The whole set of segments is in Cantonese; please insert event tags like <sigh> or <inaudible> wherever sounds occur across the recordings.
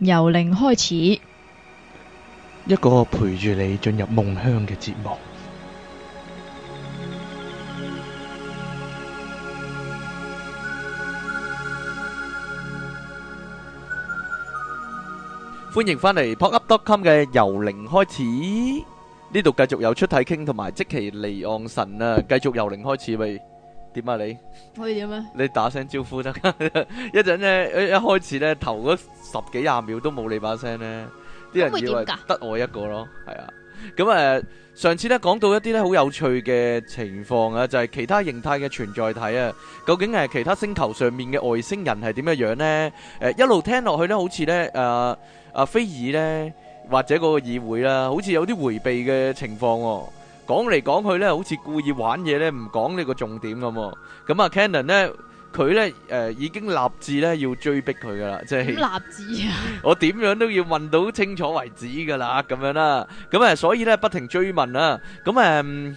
由零開始，一個陪住你進入夢鄉嘅節目。歡迎返嚟 pop up dot com 嘅由零開始，呢度繼續有出體傾同埋即其離岸神啊，繼續由零開始喂。點啊，你可以點咩？你打聲招呼得， <laughs> 一陣咧一一開始咧頭嗰十幾廿秒都冇你把聲咧，啲人以為得我一個咯，係、嗯、啊。咁、嗯、誒、嗯，上次咧講到一啲咧好有趣嘅情況啊，就係、是、其他形態嘅存在體啊，究竟係其他星球上面嘅外星人係點嘅樣咧？誒、嗯，一路聽落去咧，好似咧誒阿菲爾咧或者嗰個議會啦，好似有啲回避嘅情況、哦。講嚟講去咧，好似故意玩嘢咧，唔講呢個重點咁。咁啊，Cannon 咧，佢咧，誒、呃，已經立志咧要追逼佢噶啦，即係立志啊！ <laughs> 我點樣都要問到清楚為止噶啦，咁樣啦。咁啊，所以咧，不停追問啦。咁誒。嗯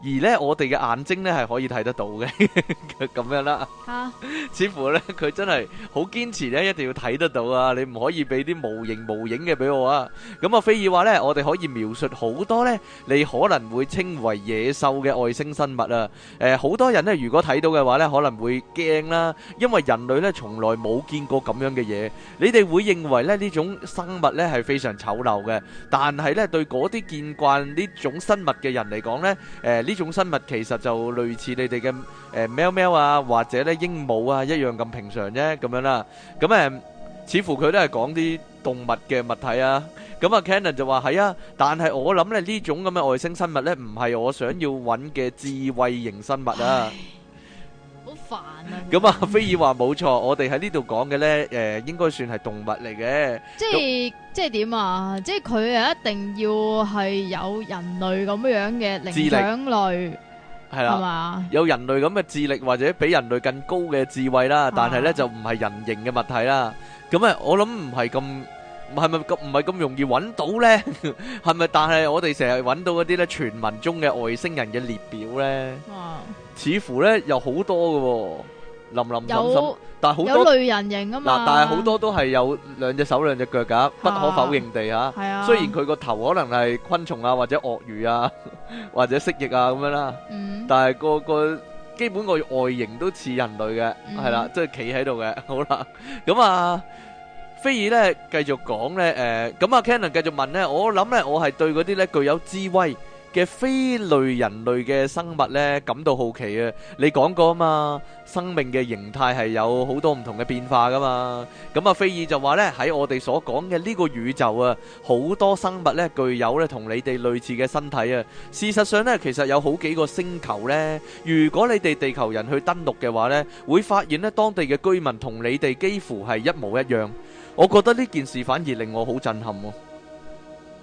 而咧，我哋嘅眼睛咧係可以睇得到嘅，咁樣啦。啊，似乎咧佢真係好堅持咧，一定要睇得到啊！你唔可以俾啲無形無影嘅俾我啊！咁啊，菲爾話咧，我哋可以描述好多咧，你可能會稱為野獸嘅外星生物啊！誒，好多人咧，如果睇到嘅話咧，可能會驚啦，因為人類咧從來冇見過咁樣嘅嘢。你哋會認為咧呢種生物咧係非常醜陋嘅，但係咧對嗰啲見慣呢種生物嘅人嚟講咧，誒。呢種生物其實就類似你哋嘅誒喵喵啊，或者咧鸚鵡啊一樣咁平常啫咁樣啦。咁誒、呃，似乎佢都係講啲動物嘅物體啊。咁啊，Cannon 就話係啊，但係我諗咧呢種咁嘅外星生物咧，唔係我想要揾嘅智慧型生物啊。煩啦！咁啊，菲爾話冇錯，我哋喺呢度講嘅咧，誒，應該算係動物嚟嘅。即係即係點啊？即係佢啊，一定要係有人類咁樣樣嘅靈長類係啦嘛？有人類咁嘅智力或者比人類更高嘅智慧啦，但係咧就唔係人形嘅物體啦。咁啊，我諗唔係咁，係咪咁唔係咁容易揾到咧？係咪？但係我哋成日揾到嗰啲咧傳聞中嘅外星人嘅列表咧？似乎咧有好多嘅，林林總總，但係好多類人形啊嘛！嗱，但係好多都係有兩隻手、兩隻腳噶、啊，不可否認地啊。啊雖然佢個頭可能係昆蟲啊，或者鱷魚啊，或者蜥蜴啊咁樣啦、啊，嗯、但係個個基本個外形都似人類嘅，係啦、嗯，即係企喺度嘅。好啦，咁、 <laughs> 嗯、啊，菲爾咧繼續講咧，誒、呃，咁啊，Cannon 繼續問咧，我諗咧，我係對嗰啲咧具有智慧。嘅非類人類嘅生物咧感到好奇啊！你講過啊嘛，生命嘅形態係有好多唔同嘅變化噶嘛。咁啊，菲爾就話咧，喺我哋所講嘅呢個宇宙啊，好多生物咧具有咧同你哋類似嘅身體啊。事實上咧，其實有好幾個星球咧，如果你哋地球人去登陸嘅話咧，會發現咧，當地嘅居民同你哋幾乎係一模一樣。我覺得呢件事反而令我好震撼。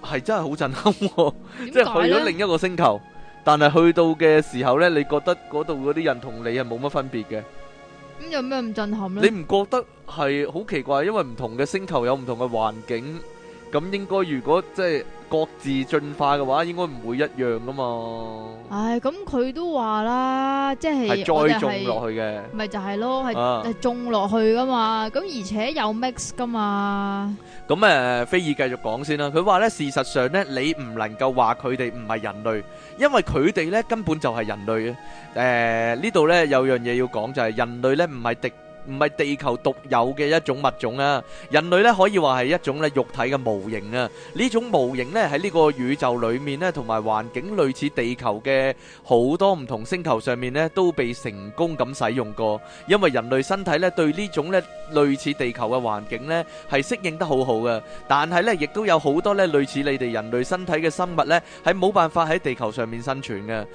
係真係好震撼， <laughs> 即係去咗另一個星球，但係去到嘅時候呢，你覺得嗰度嗰啲人同你係冇乜分別嘅？咁有咩唔震撼呢？你唔覺得係好奇怪？因為唔同嘅星球有唔同嘅環境。咁應該如果即係各自進化嘅話，應該唔會一樣噶嘛。唉，咁佢都話啦，即係係再種落去嘅，咪就係咯，係種落去噶嘛。咁而且有 mix 噶嘛。咁誒，菲爾繼續講先啦。佢話咧，事實上咧，你唔能夠話佢哋唔係人類，因為佢哋咧根本就係人類啊。誒，呢度咧有樣嘢要講就係人類咧唔係敵。唔係地球獨有嘅一種物種啊！人類咧可以話係一種咧肉體嘅模型啊！呢種模型咧喺呢個宇宙裏面咧，同埋環境類似地球嘅好多唔同星球上面咧，都被成功咁使用過。因為人類身體咧對呢種咧類似地球嘅環境咧係適應得好好嘅。但係咧亦都有好多咧類似你哋人類身體嘅生物咧，係冇辦法喺地球上面生存嘅。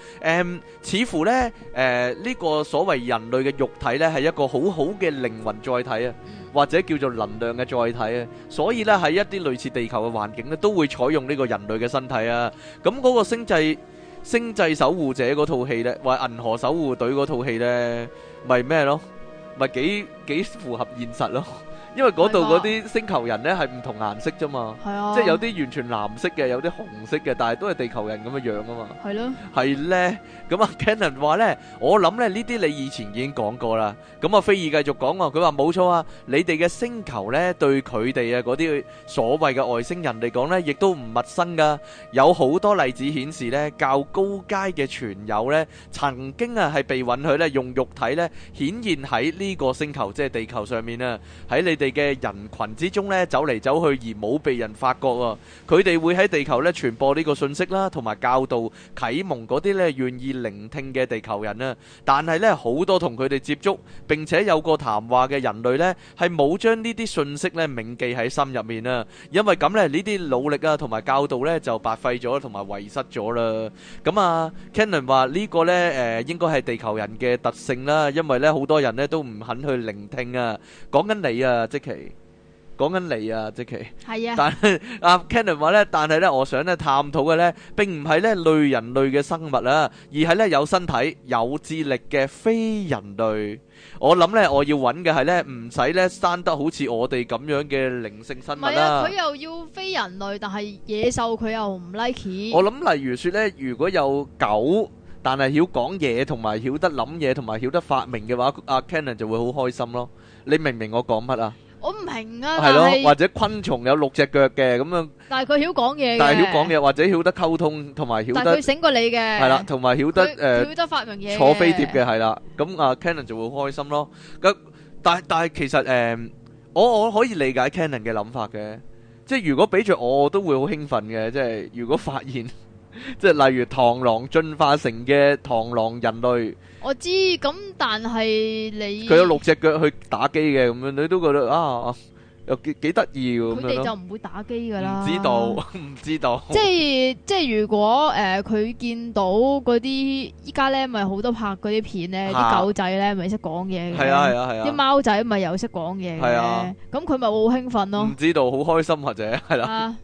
誒，似乎咧誒呢個所謂人類嘅肉體咧係一個好好嘅靈魂載體啊，或者叫做能量嘅載體啊，所以呢喺一啲類似地球嘅環境呢，都會採用呢個人類嘅身體啊。咁嗰個星際星際守護者嗰套戲呢，或者銀河守護隊嗰套戲呢，咪咩咯？咪幾幾符合現實咯？因為嗰度嗰啲星球人咧，係唔同顏色啫嘛，即係有啲完全藍色嘅，有啲紅色嘅，但係都係地球人咁嘅樣啊嘛。係咯，係咧，咁啊，Cannon 話咧，我諗咧呢啲你以前已經講過啦。咁啊，菲爾繼續講喎，佢話冇錯啊，你哋嘅星球咧對佢哋啊嗰啲所謂嘅外星人嚟講咧，亦都唔陌生㗎。有好多例子顯示咧，較高階嘅存有咧，曾經啊係被允許咧用肉體咧顯現喺呢個星球，即係地球上面啊，喺你。地嘅人群之中咧走嚟走去而冇被人發覺啊，佢哋會喺地球咧傳播呢個信息啦，同埋教導啟蒙嗰啲咧願意聆聽嘅地球人啊。但係咧好多同佢哋接觸並且有過談話嘅人類咧，係冇將呢啲信息咧銘記喺心入面啊，因為咁咧呢啲努力啊同埋教導咧就白費咗同埋遺失咗啦。咁啊，Kenan 話呢個咧誒應該係地球人嘅特性啦，因為咧好多人咧都唔肯去聆聽啊。講緊你啊！即其講緊你啊，即其。係啊。但係阿 Cannon 話咧，但係咧，我想咧探討嘅咧並唔係咧類人類嘅生物啊，而係咧有身體有智力嘅非人類。我諗咧，我要揾嘅係咧唔使咧生得好似我哋咁樣嘅靈性生物啊。唔係啊，佢又要非人類，但係野獸佢又唔 like。我諗例如說咧，如果有狗，但係曉講嘢，同埋曉得諗嘢，同埋曉得發明嘅話，阿 Cannon 就會好開心咯。你明唔明我講乜啊？我唔明啊！係咯是，或者昆蟲有六隻腳嘅咁樣。但係佢曉講嘢但係曉講嘢，或者曉得溝通，同埋曉得。佢醒過你嘅。係啦，同埋曉得誒，曉他、呃、得發明嘢。坐飛碟嘅係啦，咁啊，Cannon 就會開心咯。咁但但係其實誒，uh, 我我可以理解 Cannon 嘅諗法嘅，即係如果畀住我，我都會好興奮嘅。即係如果發現。 <laughs> 即係例如螳螂進化成嘅螳螂人類，我知咁，但係你佢有六隻腳去打機嘅咁樣，你都覺得啊，又幾幾得意咁樣咯。佢哋就唔會打機噶啦。唔知道，唔知道。即係即係，如果誒佢、呃、見到嗰啲依家咧，咪好多拍嗰啲片咧，啲、啊、狗仔咧，咪識講嘢嘅。係啊，係啊，係啊。啲貓、啊啊、仔咪又識講嘢嘅。咁佢咪好興奮咯。唔知道，好開心或者係啦。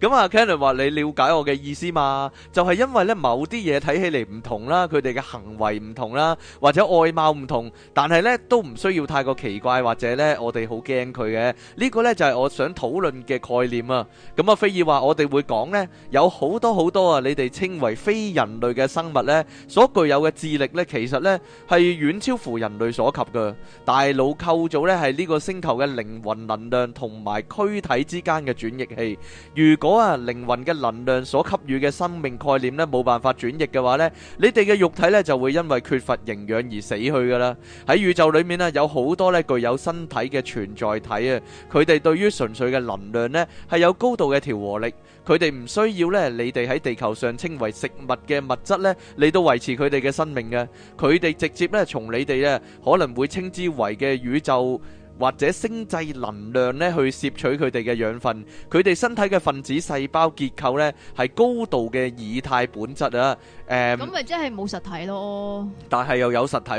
咁啊，Kenan 話，你了解我嘅意思嘛？就係、是、因為咧，某啲嘢睇起嚟唔同啦，佢哋嘅行為唔同啦，或者外貌唔同，但係咧都唔需要太過奇怪，或者咧我哋好驚佢嘅呢個咧就係、是、我想討論嘅概念啊。咁、嗯、啊，菲爾話我哋會講呢，有好多好多啊，你哋稱為非人類嘅生物咧，所具有嘅智力咧，其實咧係遠超乎人類所及嘅。大腦構造咧係呢個星球嘅靈魂能量同埋軀體之間嘅轉譯器。如果啊靈魂嘅能量所給予嘅生命概念咧，冇辦法轉譯嘅話咧，你哋嘅肉體咧就會因為缺乏營養而死去噶啦。喺宇宙裏面啊，有好多咧具有身體嘅存在體啊，佢哋對於純粹嘅能量咧係有高度嘅調和力，佢哋唔需要咧你哋喺地球上稱為食物嘅物質咧，你都維持佢哋嘅生命嘅，佢哋直接咧從你哋咧可能會稱之為嘅宇宙，或者星際能量咧，去攝取佢哋嘅養分，佢哋身體嘅分子細胞結構咧，係高度嘅以太本質啊！誒、嗯，咁咪即係冇實體咯，但係又有實體，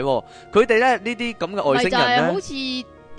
佢哋咧呢啲咁嘅外星人好似……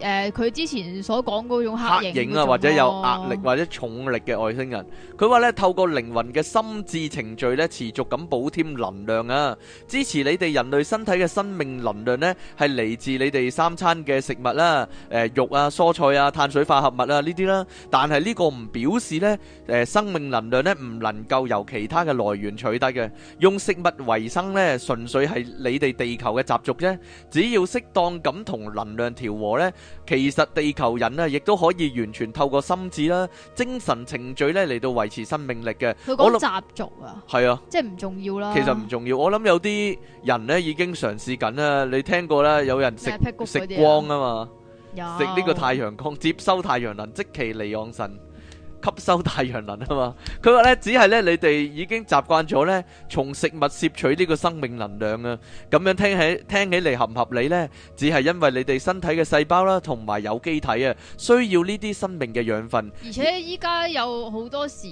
誒，佢之前所講嗰種黑影啊，或者有壓力或者重力嘅外星人，佢話咧透過靈魂嘅心智程序咧，持續咁補添能量啊，支持你哋人類身體嘅生命能量咧，係嚟自你哋三餐嘅食物啦，誒，肉啊、蔬菜啊、碳水化合物啊呢啲啦，但係呢個唔表示咧，誒，生命能量咧唔能夠由其他嘅來源取得嘅，用食物為生咧純粹係你哋地球嘅習俗啫，只要適當咁同能量調和咧。其實地球人咧，亦都可以完全透過心智啦、精神程序咧嚟到維持生命力嘅。佢講習俗啊，係啊，即係唔重要啦。其實唔重要，我諗有啲人咧已經嘗試緊啦。你聽過啦，有人食食光啊嘛，食呢個太陽光，接收太陽能，即其離岸神。吸收太陽能啊嘛，佢話咧，只係咧你哋已經習慣咗咧，從食物攝取呢個生命能量啊，咁樣聽起聽起嚟合唔合理咧？只係因為你哋身體嘅細胞啦，同埋有機體啊，需要呢啲生命嘅養分，而且依家有好多時。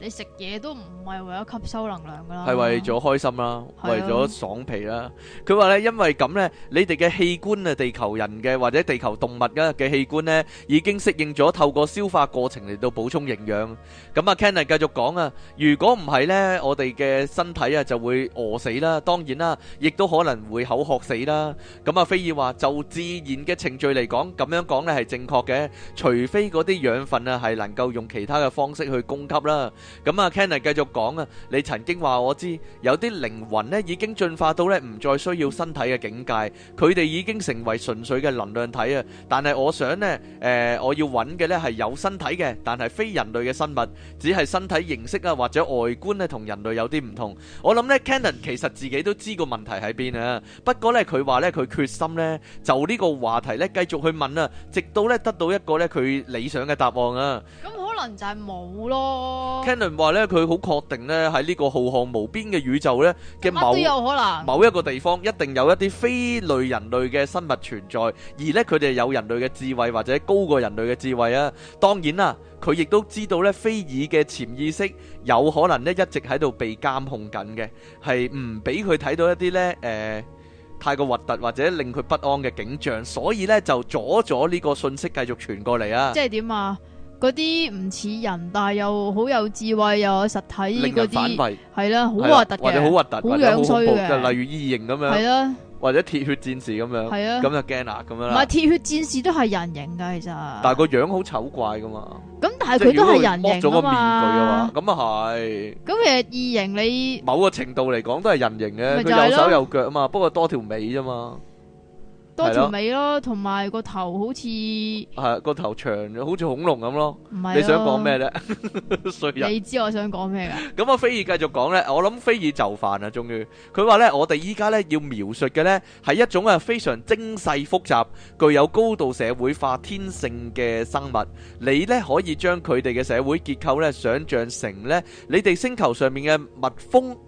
你食嘢都唔係為咗吸收能量噶啦，係為咗開心啦，啊，是啊，為咗爽皮啦，啊。佢話咧，因為咁呢，你哋嘅器官啊，地球人嘅或者地球動物嘅嘅器官呢，已經適應咗透過消化過程嚟到補充營養。咁，嗯、阿 Ken 繼續講啊，如果唔係呢，我哋嘅身體啊就會餓死啦，當然啦，亦都可能會口渴死啦。咁，嗯、阿菲爾話就自然嘅程序嚟講，咁樣講呢係正確嘅，除非嗰啲養分啊係能夠用其他嘅方式去供給啦。咁啊，Cannon 繼續講啊，你曾經話我知有啲靈魂咧已經進化到咧唔再需要身體嘅境界，佢哋已經成為純粹嘅能量體啊。但係我想呢，誒、呃，我要揾嘅咧係有身體嘅，但係非人類嘅生物，只係身體形式啊或者外觀咧同人類有啲唔同。我諗呢 Cannon 其實自己都知個問題喺邊啊。不過呢，佢話呢，佢決心呢，就呢個話題呢，繼續去問啊，直到呢，得到一個呢，佢理想嘅答案啊。可能就係冇咯。Kenon 話咧，佢好確定咧喺呢個浩瀚無邊嘅宇宙咧嘅某，都有可能某一個地方一定有一啲非類人類嘅生物存在，而咧佢哋有人類嘅智慧或者高過人類嘅智慧啊。當然啦，佢亦都知道咧非爾嘅潛意識有可能咧一直喺度被監控緊嘅，係唔俾佢睇到一啲咧誒太過核突或者令佢不安嘅景象，所以咧就阻咗呢個信息繼續傳過嚟啊。即係點啊？嗰啲唔似人，但係又好有智慧，又有實體嗰啲，係啦，好核突嘅，或者好核突，好樣衰嘅。就例如異形咁樣，係啦，或者鐵血戰士咁樣，係啊，咁就驚啦咁樣啦。唔係鐵血戰士都係人形噶，其實。但係個樣好醜怪噶嘛。咁但係佢都係人形面具啊嘛。咁啊係。咁其實異形你某個程度嚟講都係人形嘅，佢有手有腳啊嘛，不過多條尾啫嘛。多條尾咯，同埋個頭好似係、啊、個頭長，好似恐龍咁咯。唔係，你想講咩咧？ <laughs> 人你知我想講咩啦？咁啊，飛兒繼續講咧，我諗飛兒就範啦，終於佢話咧，我哋依家咧要描述嘅咧係一種啊非常精細複雜、具有高度社會化天性嘅生物。你咧可以將佢哋嘅社會結構咧想象成咧你哋星球上面嘅蜜蜂。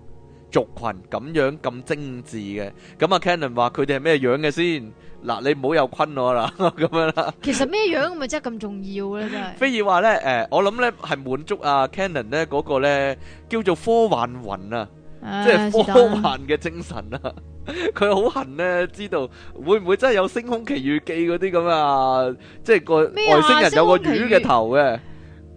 族群咁樣咁精緻嘅。咁啊，Cannon 話佢哋係咩樣嘅先？嗱，你唔好又昆我啦，咁樣啦。其實咩樣咪真係咁重要咧？真係 <laughs> 菲爾話咧，誒，我諗咧係滿足啊 Cannon 咧嗰個咧叫做科幻魂啊，哎、即係科幻嘅精神啊。佢好恨咧，知道會唔會真係有《星空奇遇記》嗰啲咁啊？即係個外星人有個魚嘅頭嘅，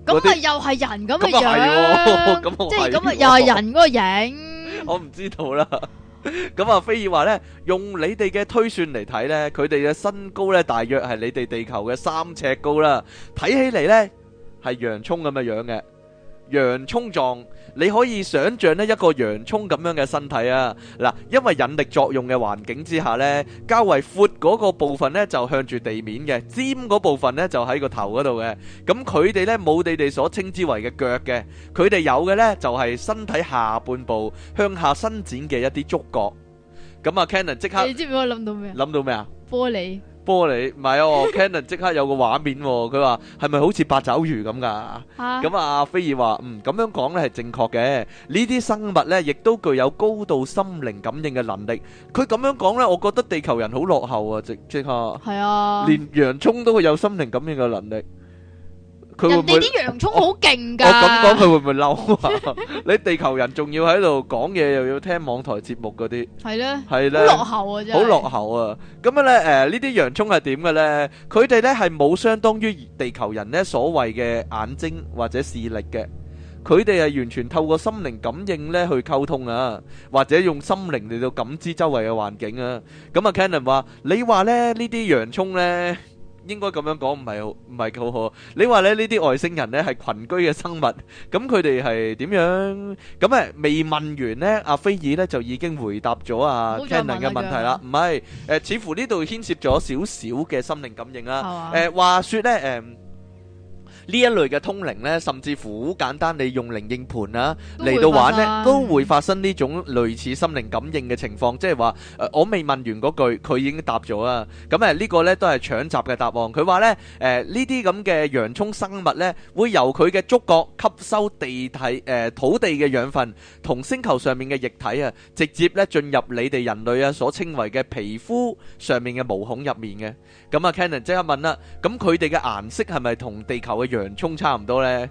咁啊又係人咁嘅樣，即係咁啊又係人個影。 <laughs> <laughs> 我唔知道啦，咁啊，菲爾話咧，用你哋嘅推算嚟睇咧，佢哋嘅身高咧大約係你哋地球嘅三尺高啦，睇起嚟咧係洋葱咁嘅樣嘅。洋葱狀，你可以想象，咧一個洋葱咁樣嘅身體啊嗱，因為引力作用嘅環境之下呢較為闊嗰個部分呢就向住地面嘅尖嗰部分呢就喺個頭嗰度嘅。咁佢哋呢冇你哋所稱之為嘅腳嘅，佢哋有嘅呢就係身體下半部向下伸展嘅一啲觸角。咁啊 Cannon 即刻，你知唔知我諗到咩？諗到咩啊？玻璃。玻璃唔係、啊、哦 <laughs> ，Canon 即刻有個畫面喎，哦，佢話係咪好似八爪魚咁㗎？咁阿、啊啊、菲爾話嗯，咁樣講咧係正確嘅。呢啲生物咧，亦都具有高度心靈感應嘅能力。佢咁樣講咧，我覺得地球人好落後啊！即即刻係啊，連洋蔥都會有心靈感應嘅能力。佢哋啲洋葱好勁㗎！我咁講佢會唔會嬲啊？你地球人仲要喺度講嘢，又要聽網台節目嗰啲，係咧，係咧，好落後啊！真係好落後啊！咁樣咧，誒呢啲洋葱係點嘅咧？佢哋咧係冇相當於地球人咧所謂嘅眼睛或者視力嘅，佢哋係完全透過心靈感應咧去溝通啊，或者用心靈嚟到感知周圍嘅環境啊。咁啊，Cannon 話：你話咧呢啲洋葱咧？應該咁樣講唔係唔係好好，你話咧呢啲外星人咧係群居嘅生物，咁佢哋係點樣？咁誒未問完咧，阿菲爾咧就已經回答咗阿 Cannon 嘅問題啦，唔係誒，似乎呢度牽涉咗少少嘅心靈感應啦，誒、啊呃、話説咧誒。嗯呢一類嘅通靈咧，甚至乎好簡單，你用靈應盤啊嚟到玩咧，都會發生呢種類似心靈感應嘅情況，即係話，誒我未問完嗰句，佢已經答咗啦。咁誒呢個咧都係搶答嘅答案。佢話咧，誒呢啲咁嘅洋葱生物咧，會由佢嘅觸角吸收地體誒土地嘅養分同星球上面嘅液體啊，直接咧進入你哋人類啊所稱為嘅皮膚上面嘅毛孔入面嘅。咁啊，Cannon 即刻問啦，咁佢哋嘅顏色係咪同地球嘅？洋葱差唔多呢，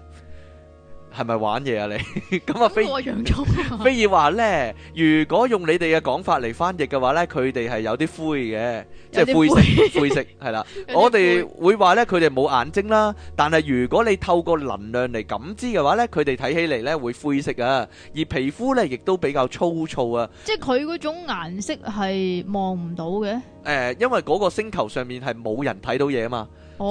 係咪玩嘢啊你？咁啊，菲 <laughs> 非洋葱啊。菲爾話呢，如果用你哋嘅講法嚟翻譯嘅話點呢，佢哋係有啲灰嘅，即係灰色灰色係啦。我哋會話呢，佢哋冇眼睛啦。但係如果你透過能量嚟感知嘅話呢，佢哋睇起嚟呢會灰色啊。而皮膚呢亦都比較粗糙啊。即係佢嗰種顏色係望唔到嘅。誒、呃，因為嗰個星球上面係冇人睇到嘢啊嘛。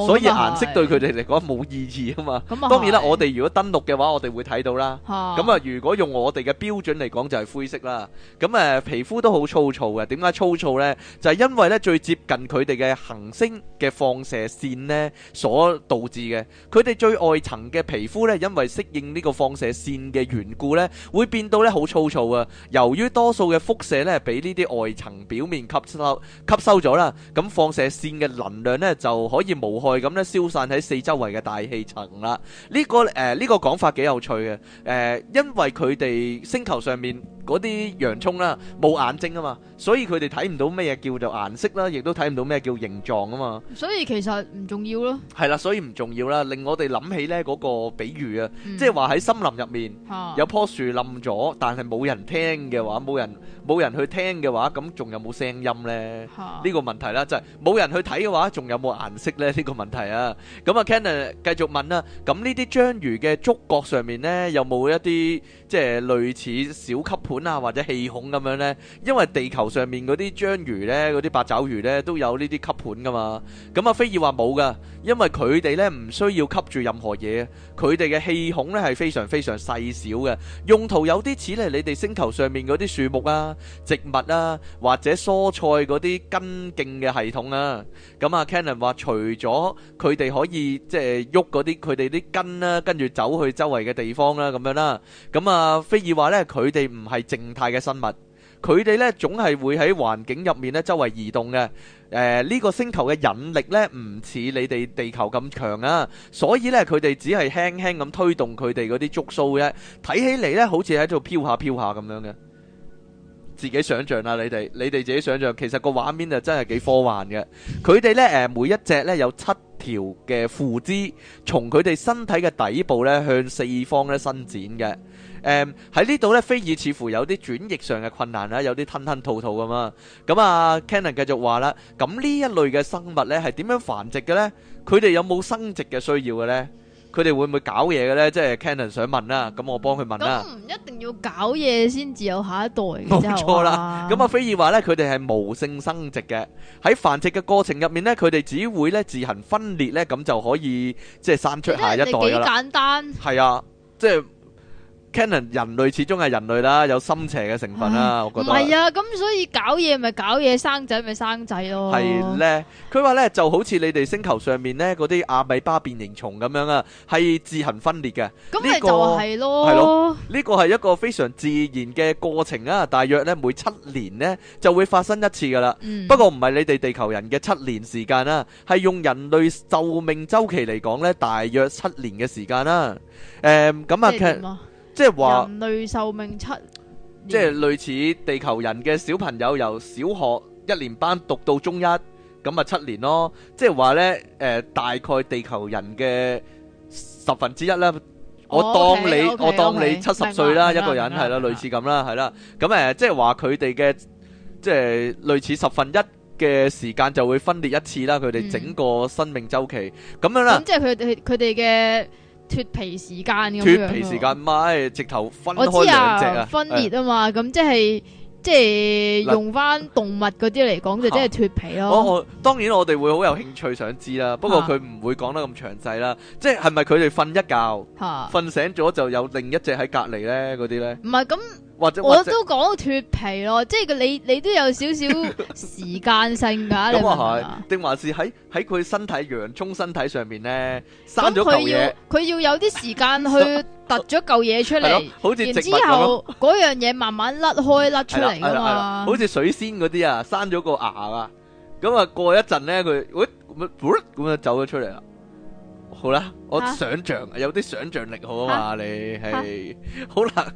所以顏色對佢哋嚟講冇意義啊嘛。咁當然啦，我哋如果登陸嘅話，我哋會睇到啦。咁啊，如果用我哋嘅標準嚟講，就係灰色啦。咁誒，皮膚都好粗糙嘅。點解粗糙咧？就係因為咧，最接近佢哋嘅恆星嘅放射線咧，所導致嘅。佢哋最外層嘅皮膚咧，因為適應呢個放射線嘅緣故咧，會變到咧好粗糙啊。由於多數嘅輻射咧，俾呢啲外層表面吸收吸收咗啦，咁放射線嘅能量咧就可以冇。害咁咧消散喺四周圍嘅大氣層啦。呢個誒呢個講法幾有趣嘅誒、呃，因為佢哋星球上面。嗰啲洋葱啦，冇眼睛啊嘛，所以佢哋睇唔到咩嘢叫做顏色啦，亦都睇唔到咩叫形狀啊嘛。所以其實唔重要咯。係啦，所以唔重要啦。令我哋諗起咧嗰個比喻啊，即係話喺森林入面有棵樹冧咗，但係冇人聽嘅話，冇人冇人去聽嘅話，咁仲有冇聲音咧？呢個問題啦，就係冇人去睇嘅話，仲有冇顏色咧？呢個問題啊。咁啊，Cannon 繼續問啦。咁呢啲章魚嘅觸角上面咧，有冇一啲？即係類似小吸盤啊，或者氣孔咁樣咧，因為地球上面啲章魚咧、啲八爪魚咧都有呢啲吸盤噶嘛。咁啊，飛爾話冇噶，因為佢哋咧唔需要吸住任何嘢，佢哋嘅氣孔咧係非常非常細小嘅，用途有啲似咧你哋星球上面啲樹木啊、植物啊或者蔬菜啲根莖嘅系統啊。咁啊，Cannon 話除咗佢哋可以即係喐啲佢哋啲根啦，跟住走去周圍嘅地方啦，咁樣啦，咁啊。啊，菲爾話呢，佢哋唔係靜態嘅生物，佢哋呢總係會喺環境入面呢周圍移動嘅。誒、呃、呢、這個星球嘅引力呢，唔似你哋地球咁強啊，所以呢，佢哋只係輕輕咁推動佢哋嗰啲觸鬚，啫，睇起嚟，呢，好似喺度飄下飄下咁樣嘅。自己想象啊，你哋你哋自己想象，其實個畫面就真係幾科幻嘅。佢哋呢，誒，每一隻呢，有七條嘅附肢，從佢哋身體嘅底部呢，向四方呢伸展嘅。誒喺呢度咧，菲爾似乎有啲轉譯上嘅困難啦，有啲吞吞吐吐咁啊。咁啊，Cannon 繼續話啦，咁呢一類嘅生物咧係點樣繁殖嘅咧？佢哋有冇生殖嘅需要嘅咧？佢哋會唔會搞嘢嘅咧？即係 Cannon 想問啦，咁我幫佢問啦。唔一定要搞嘢先至有下一代嘅，冇錯啦。咁啊，菲爾話咧，佢哋係無性生殖嘅。喺繁殖嘅過程入面咧，佢哋只會咧自行分裂咧，咁就可以即係生出下一代㗎啦。幾簡單係啊，即係。人類始終係人類啦，有心邪嘅成分啦，唉我覺得。唔係啊，咁所以搞嘢咪搞嘢，生仔咪生仔咯。係咧，佢話咧就好似你哋星球上面咧嗰啲阿米巴變形蟲咁樣啊，係自行分裂嘅。咁咪就係咯。係咯，呢、呢個係一個非常自然嘅過程啊，大約咧每七年咧就會發生一次㗎啦。嗯、不過唔係你哋地球人嘅七年時間啦，係用人類壽命週期嚟講咧，大約七年嘅時間啦。誒、嗯，咁啊，其即係話人類壽命七，即係類似地球人嘅小朋友由小學一年班讀到中一，咁啊七年咯。即係話呢，誒大概地球人嘅十分之一啦。我當你我當你七十歲啦，一個人係啦，類似咁啦，係啦。咁誒，即係話佢哋嘅，即係類似十分一嘅時間就會分裂一次啦。佢哋整個生命周期咁樣啦。咁即係佢哋佢哋嘅。脫皮時間咁樣，脫間啊？脫皮時間唔係，直頭分開我知啊，兩隻啊，分裂啊嘛。咁、哎、呀即係即係用翻動物嗰啲嚟講， <laughs> 就即係脫皮咯。我、哦哦、當然我哋會好有興趣想知啦，不過佢唔會講得咁詳細啦。啊、即係係咪佢哋瞓一覺，瞓、啊、醒咗就有另一隻喺隔籬咧？嗰啲咧？唔係咁。或者我都講到脫皮咯，即係你你都有少少時間性㗎。咁啊係，定 <laughs> 還是喺喺佢身體洋蔥身體上面咧生咗嚿嘢，佢要有啲時間去 <laughs> 突咗嚿嘢出嚟， <laughs> 然之後嗰樣嘢慢慢甩開甩出嚟㗎嘛。 <laughs> 好似水仙嗰啲啊，生咗個芽啦，咁啊過一陣咧佢，會咁就走咗出嚟啦。好啦，我想象、啊、有啲想像力好啊嘛，你係好啦，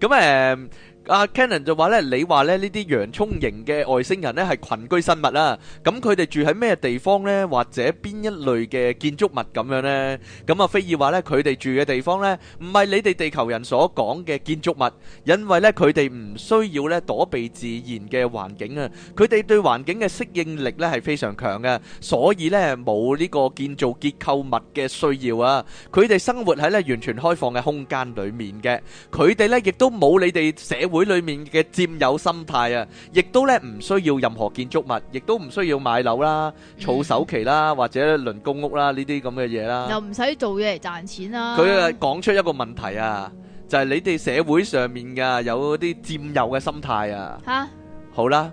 咁誒。阿 Cannon 就話咧：你話咧呢啲洋葱形嘅外星人咧係群居生物啦，咁佢哋住喺咩地方咧？或者邊一類嘅建築物咁樣咧？咁啊，菲爾話咧佢哋住嘅地方咧，唔係你哋地球人所講嘅建築物，因為咧佢哋唔需要咧躲避自然嘅環境啊，佢哋對環境嘅適應力咧係非常強嘅，所以咧冇呢個建造結構物嘅需要啊。佢哋生活喺咧完全開放嘅空間裡面嘅，佢哋咧亦都冇你哋社會會裏面嘅佔有心態啊，亦都咧唔需要任何建築物，亦都唔需要買樓啦、儲首期啦或者輪公屋啦呢啲咁嘅嘢啦，又唔使做嘢嚟賺錢啦。佢啊講出一個問題啊，就係你哋社會上面嘅有啲佔有嘅心態啊。吓，好啦，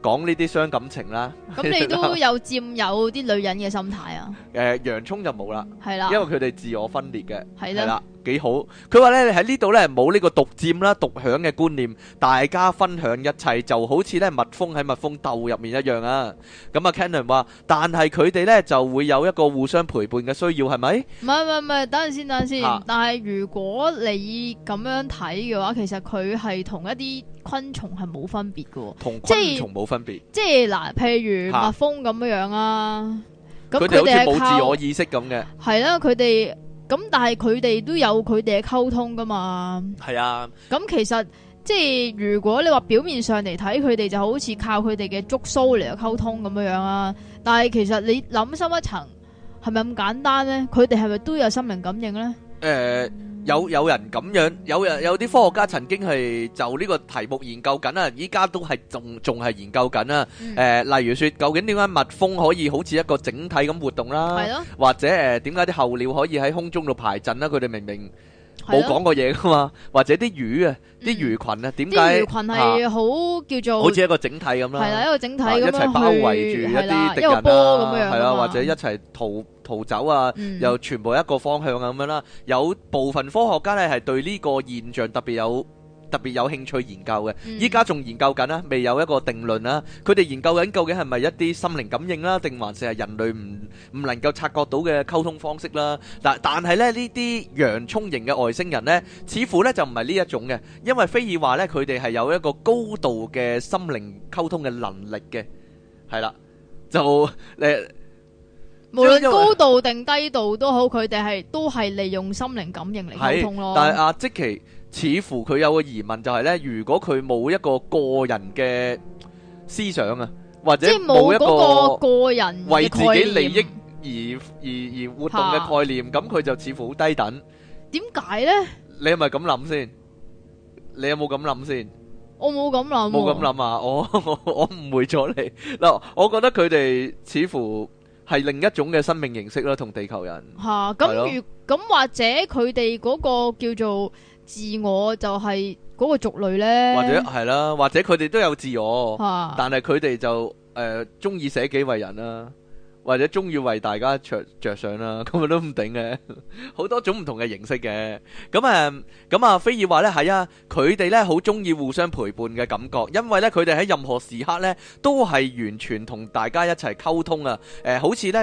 講呢啲傷感情啦。咁你都有佔有啲女人嘅心態啊？誒，洋蔥就冇啦，係啦，因為佢哋自我分裂嘅，係啦。幾好，佢話咧，你喺呢度咧冇呢個獨占啦、獨享嘅觀念，大家分享一切，就好似咧蜜蜂喺蜜蜂竇入面一樣啊。咁、嗯、啊 Cannon 話，但係佢哋咧就會有一個互相陪伴嘅需要，係咪？唔係唔係唔係，等陣先等陣先。啊、但係如果你咁樣睇嘅話，其實佢係同一啲昆蟲係冇分別嘅，即係同昆蟲冇、就是、分別。即係嗱，譬如蜜蜂咁樣樣啊，咁佢哋好似冇自我意識咁嘅。係啦、啊，佢哋。咁但係佢哋都有佢哋嘅溝通噶嘛？係啊。咁其實即係如果你話表面上嚟睇，佢哋就好似靠佢哋嘅觸鬚嚟嘅溝通咁樣樣啊。但係其實你諗深一層，係咪咁簡單咧？佢哋係咪都有心靈感應咧？誒，有有人咁樣，有人有啲科學家曾經係就呢個題目研究緊啦，依家都係仲仲係研究緊啦。誒，例如說，究竟點解蜜蜂可以好似一個整體咁活動啦？或者誒，點解啲候鳥可以喺空中度排陣啦？佢哋明明。冇講過嘢噶嘛，或者啲魚啊、啲、嗯、魚群啊，點解？啲魚群係好、啊、叫做好似一個整體咁啦，係啦一個整體咁樣去一齊包圍住一啲敵人咁啊，係啦，或者一齊逃逃走啊，嗯、又全部一個方向啊咁樣啦。有部分科學家咧係對呢個現象特別有特別有興趣研究嘅，依家仲研究緊啦，未有一個定論啦。佢哋研究緊究竟係咪一啲心靈感應啦，定還是係人類唔唔能夠察覺到嘅溝通方式啦？嗱，但但係咧呢啲洋蔥型嘅外星人咧，似乎咧就唔係呢一種嘅，因為菲爾話咧佢哋係有一個高度嘅心靈溝通嘅能力嘅，係啦，就誒，無論高度定低度都好，佢哋係都係利用心靈感應嚟溝通咯。但係阿即其。似乎佢有個疑問就係呢，如果佢冇一個個人嘅思想啊，或者冇一個個人為自己利益而而而活動嘅概念，咁佢就似乎好低等。點解呢？你係咪咁諗先？你有冇咁諗先？我冇咁諗，冇咁諗啊！我我我誤會咗你嗱，我覺得佢哋似乎係另一種嘅生命形式囉，同地球人吓。咁如咁或者佢哋嗰個叫做？自我就係嗰個族類呢？或者係啦、啊，或者佢哋都有自我，但係佢哋就誒中意捨己為人啦、啊，或者中意為大家着着想啦、啊，咁啊都唔定嘅，好多種唔同嘅形式嘅，咁、嗯、誒，咁、嗯、啊、嗯，菲爾話呢係啊，佢哋呢好中意互相陪伴嘅感覺，因為呢，佢哋喺任何時刻呢都係完全同大家一齊溝通啊，誒、呃、好似呢。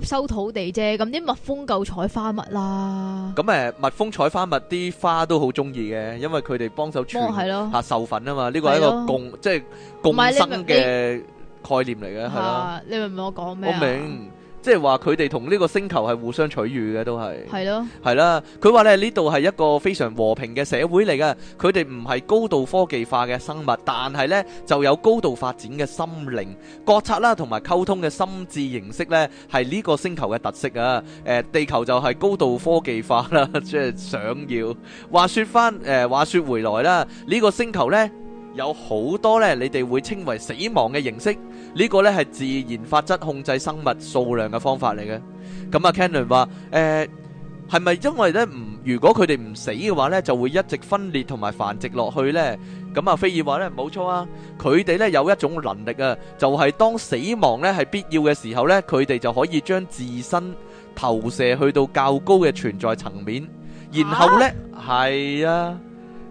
收土地啫，咁啲蜜蜂夠採花蜜啦。咁誒、嗯，蜜蜂採花蜜，啲花都好中意嘅，因為佢哋幫手傳係咯吓授粉啊嘛。呢個係一個共的即係共生嘅概念嚟嘅，係啦。你明唔的、啊、明，明我講咩？我明。即係話佢哋同呢個星球係互相取予嘅。都係，係咯，係啦。佢話咧呢度係一個非常和平嘅社會嚟㗎，佢哋唔係高度科技化嘅生物，但係咧就有高度發展嘅心靈覺察啦，同埋溝通嘅心智形式咧係呢個星球嘅特色啊！誒，地球就係高度科技化啦，即係想要。話說返，誒，話說回來啦，呢個星球咧。有好多咧，你哋會稱為死亡嘅形式，呢個咧係自然法則控制生物數量嘅方法嚟嘅。咁啊 Cannon 話：誒，係咪因為咧唔，如果佢哋唔死嘅話咧，就會一直分裂同埋繁殖落去呢？咁啊，菲爾話咧冇錯啊，佢哋咧有一種能力啊，就係當死亡咧係必要嘅時候咧，佢哋就可以將自身投射去到較高嘅存在層面，然後呢，係啊，啊，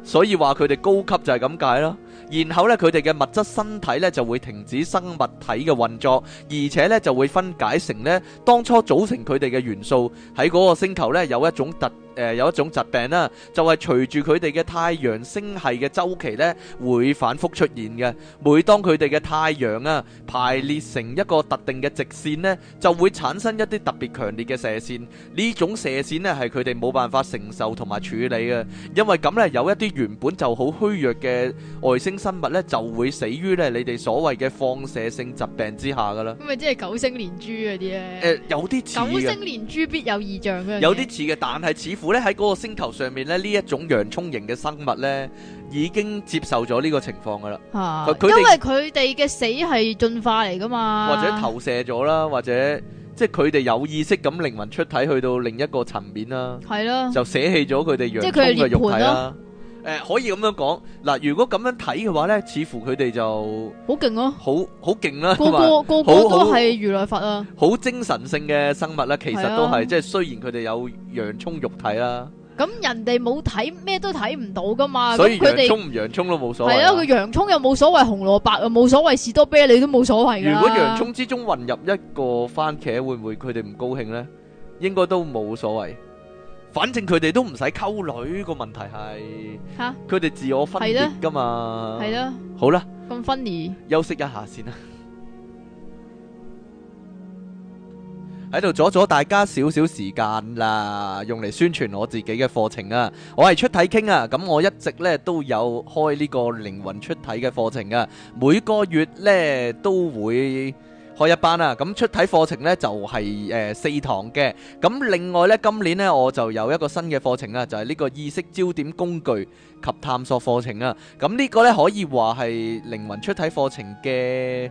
所以話佢哋高級就係咁解咯。然後咧，佢哋嘅物質身體咧就會停止生物體嘅運作，而且咧就會分解成咧當初組成佢哋嘅元素，喺嗰個星球咧有一種特。誒，有一種疾病啦，就係隨住佢哋嘅太陽星系嘅周期咧，會反覆出現嘅。每當佢哋嘅太陽啊排列成一個特定嘅直線咧，就會產生一啲特別強烈嘅射線。呢種射線咧係佢哋冇辦法承受同埋處理嘅，因為咁咧有一啲原本就好虛弱嘅外星生物咧就會死於咧你哋所謂嘅放射性疾病之下噶啦。咁咪即係九星連珠嗰啲咧？誒，有啲似九星連珠必有異象嘅，有啲似嘅，但係似。似乎咧喺嗰個星球上面咧，呢一種洋葱形嘅生物咧，已經接受咗呢個情況噶啦。嚇、啊，他們 因為佢哋嘅死係進化嚟噶嘛，或者投射咗啦，或者即係佢哋有意識咁靈魂出體去到另一個層面啦。係咯的，就捨棄咗佢哋洋葱嘅肉體啦。啊誒，可以咁樣講，嗱，如果咁樣睇嘅話咧，似乎佢哋就好勁咯，好好勁啦。個個個個都係如來佛啊，好精神性嘅生物啦。其實都係，即係雖然佢哋有洋葱肉體啦。咁人哋冇睇咩都睇唔到噶嘛。所以佢哋洋葱唔洋葱都冇所謂。係啊，個洋葱又冇所謂，紅蘿蔔又冇所謂，士多啤梨都冇所謂。如果洋葱之中混入一個番茄，會唔會佢哋唔高興咧？應該都冇所謂。反正佢哋都唔使溝女個問題係吓，佢哋蛤自我分裂噶嘛，係咯，好啦，咁 f 休息一下先啦，喺 <laughs> 度阻咗大家少少時間啦，用嚟宣傳我自己嘅課程啊，我係出體傾啊，咁我一直咧都有開呢個靈魂出體嘅課程啊，每個月咧都會，開一班啦，咁出體課程呢就係、是、誒、呃、四堂嘅，咁另外呢，今年呢我就有一個新嘅課程啦、啊，就係、是、呢個意識焦點工具及探索課程啊，咁呢個呢可以話係靈魂出體課程嘅。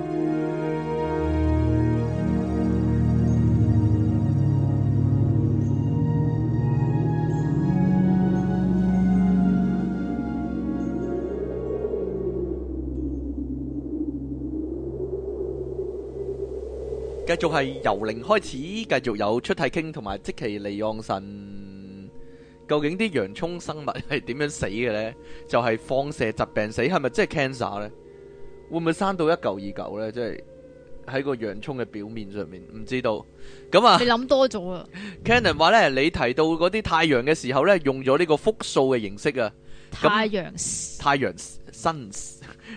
繼續係由零開始，繼續有出體傾同埋即其利陽神。究竟啲洋葱生物係點樣死嘅呢？就係、是、放射疾病死係咪？即係 cancer 呢？會唔會生到一舊二舊呢？即係喺個洋葱嘅表面上面唔知道。咁啊，你諗多咗啊 <laughs> ？Cannon 話呢，你提到嗰啲太陽嘅時候呢，用咗呢個複數嘅形式啊。太陽，太陽。新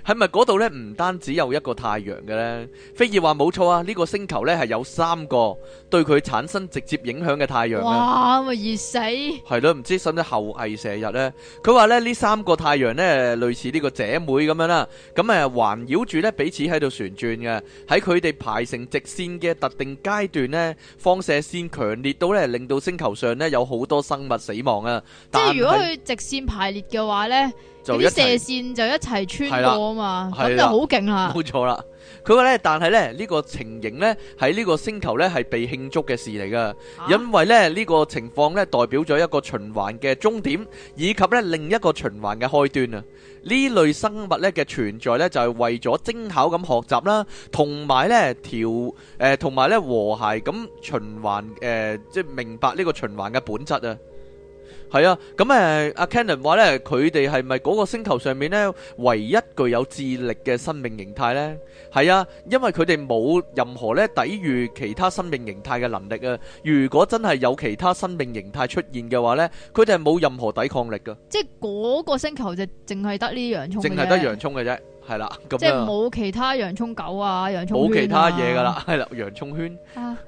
喺咪嗰度呢？唔單止有一個太陽嘅呢？菲爾話冇錯啊！呢、這個星球呢係有三個對佢產生直接影響嘅太陽，啊。哇，咁啊熱死！係咯，唔知使唔使后羿射日呢？佢話咧呢三個太陽呢類似呢個姐妹咁樣啦，啊，咁啊環繞住呢彼此喺度旋轉嘅。喺佢哋排成直線嘅特定階段呢，放射線強烈到呢令到星球上呢有好多生物死亡啊！即係但係如果佢直線排列嘅話呢？射線就一齊穿過啊嘛，咁了就好勁啦。冇錯啦，佢話咧，但係咧呢、呢個情形咧喺呢個星球咧係被慶祝嘅事嚟噶，因為咧呢、呢個情況咧代表咗一個循環嘅終點，以及咧另一個循環嘅開端啊。呢類生物咧嘅存在咧就係、是、為咗精巧咁學習啦，同埋咧調誒，同埋咧和諧咁循環誒、呃，即係明白呢個循環嘅本質啊。係啊，咁誒，阿 Kenan 話咧，佢哋係咪嗰個星球上面咧唯一具有智力嘅生命形態咧？係啊，因為佢哋冇任何咧抵禦其他生命形態嘅能力啊。如果真係有其他生命形態出現嘅話咧，佢哋係冇任何抵抗力噶。即係嗰個星球就淨係得呢樣葱，淨係得洋葱嘅啫。係啦，咁即係冇其他洋葱狗啊，洋葱冇、啊、其他嘢噶啦，係 <laughs> 啦圈，洋葱圈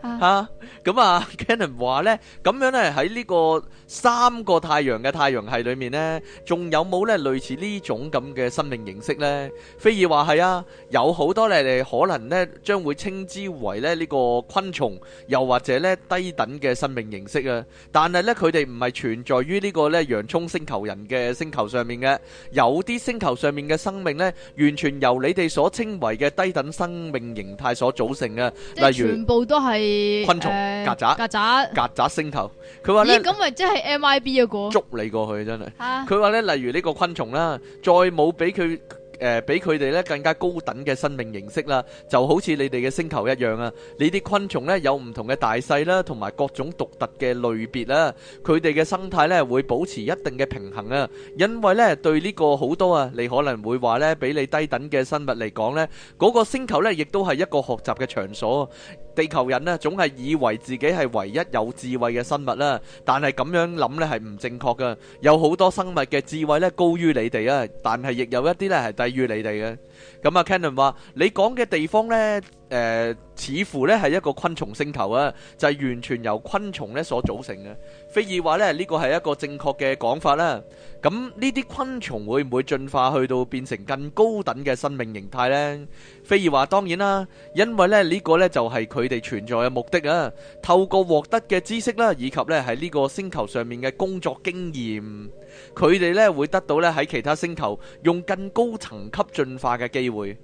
啊，咁啊，Cannon 話呢，咁樣咧喺呢個三個太陽嘅太陽系裏面呢，仲有冇咧類似呢種咁嘅生命形式呢？菲爾話係啊，有好多你哋可能呢將會稱之為咧呢個昆蟲，又或者咧低等嘅生命形式啊，但係呢，佢哋唔係存在於呢個咧洋葱星球人嘅星球上面嘅，有啲星球上面嘅生命呢，完全由你哋所稱為嘅低等生命形態所組成嘅，即係例如全部都係昆蟲、曱甴、曱甴、曱甴星球。佢話咧，咦？咁咪即係 MIB 啊，個捉你過去真係。吓？佢話咧，例如呢個昆蟲啦，再冇俾佢。誒，比佢哋咧更加高等嘅生命形式啦，就好似你哋嘅星球一樣啊！你啲昆蟲咧有唔同嘅大細啦，同埋各種獨特嘅類別啦，佢哋嘅生態咧會保持一定嘅平衡啊！因為咧對呢個好多啊，你可能會話咧比你低等嘅生物嚟講咧，嗰個星球咧亦都係一個學習嘅場所。地球人咧總係以為自己係唯一有智慧嘅生物啦，但係咁樣諗咧係唔正確噶。有好多生物嘅智慧咧高於你哋啊，但係亦有一啲咧係低。係於你哋嘅，咁啊，Cannon 話，你講嘅地方咧。誒、呃，似乎咧係一個昆蟲星球啊，就係、是、完全由昆蟲咧所組成嘅。菲爾話咧呢個係一個正確嘅講法啦。咁呢啲昆蟲會唔會進化去到變成更高等嘅生命形態咧？菲爾話當然啦，因為咧呢個咧就係佢哋存在嘅目的啊。透過獲得嘅知識啦，以及咧喺呢個星球上面嘅工作經驗，佢哋咧會得到咧喺其他星球用更高層級進化嘅機會。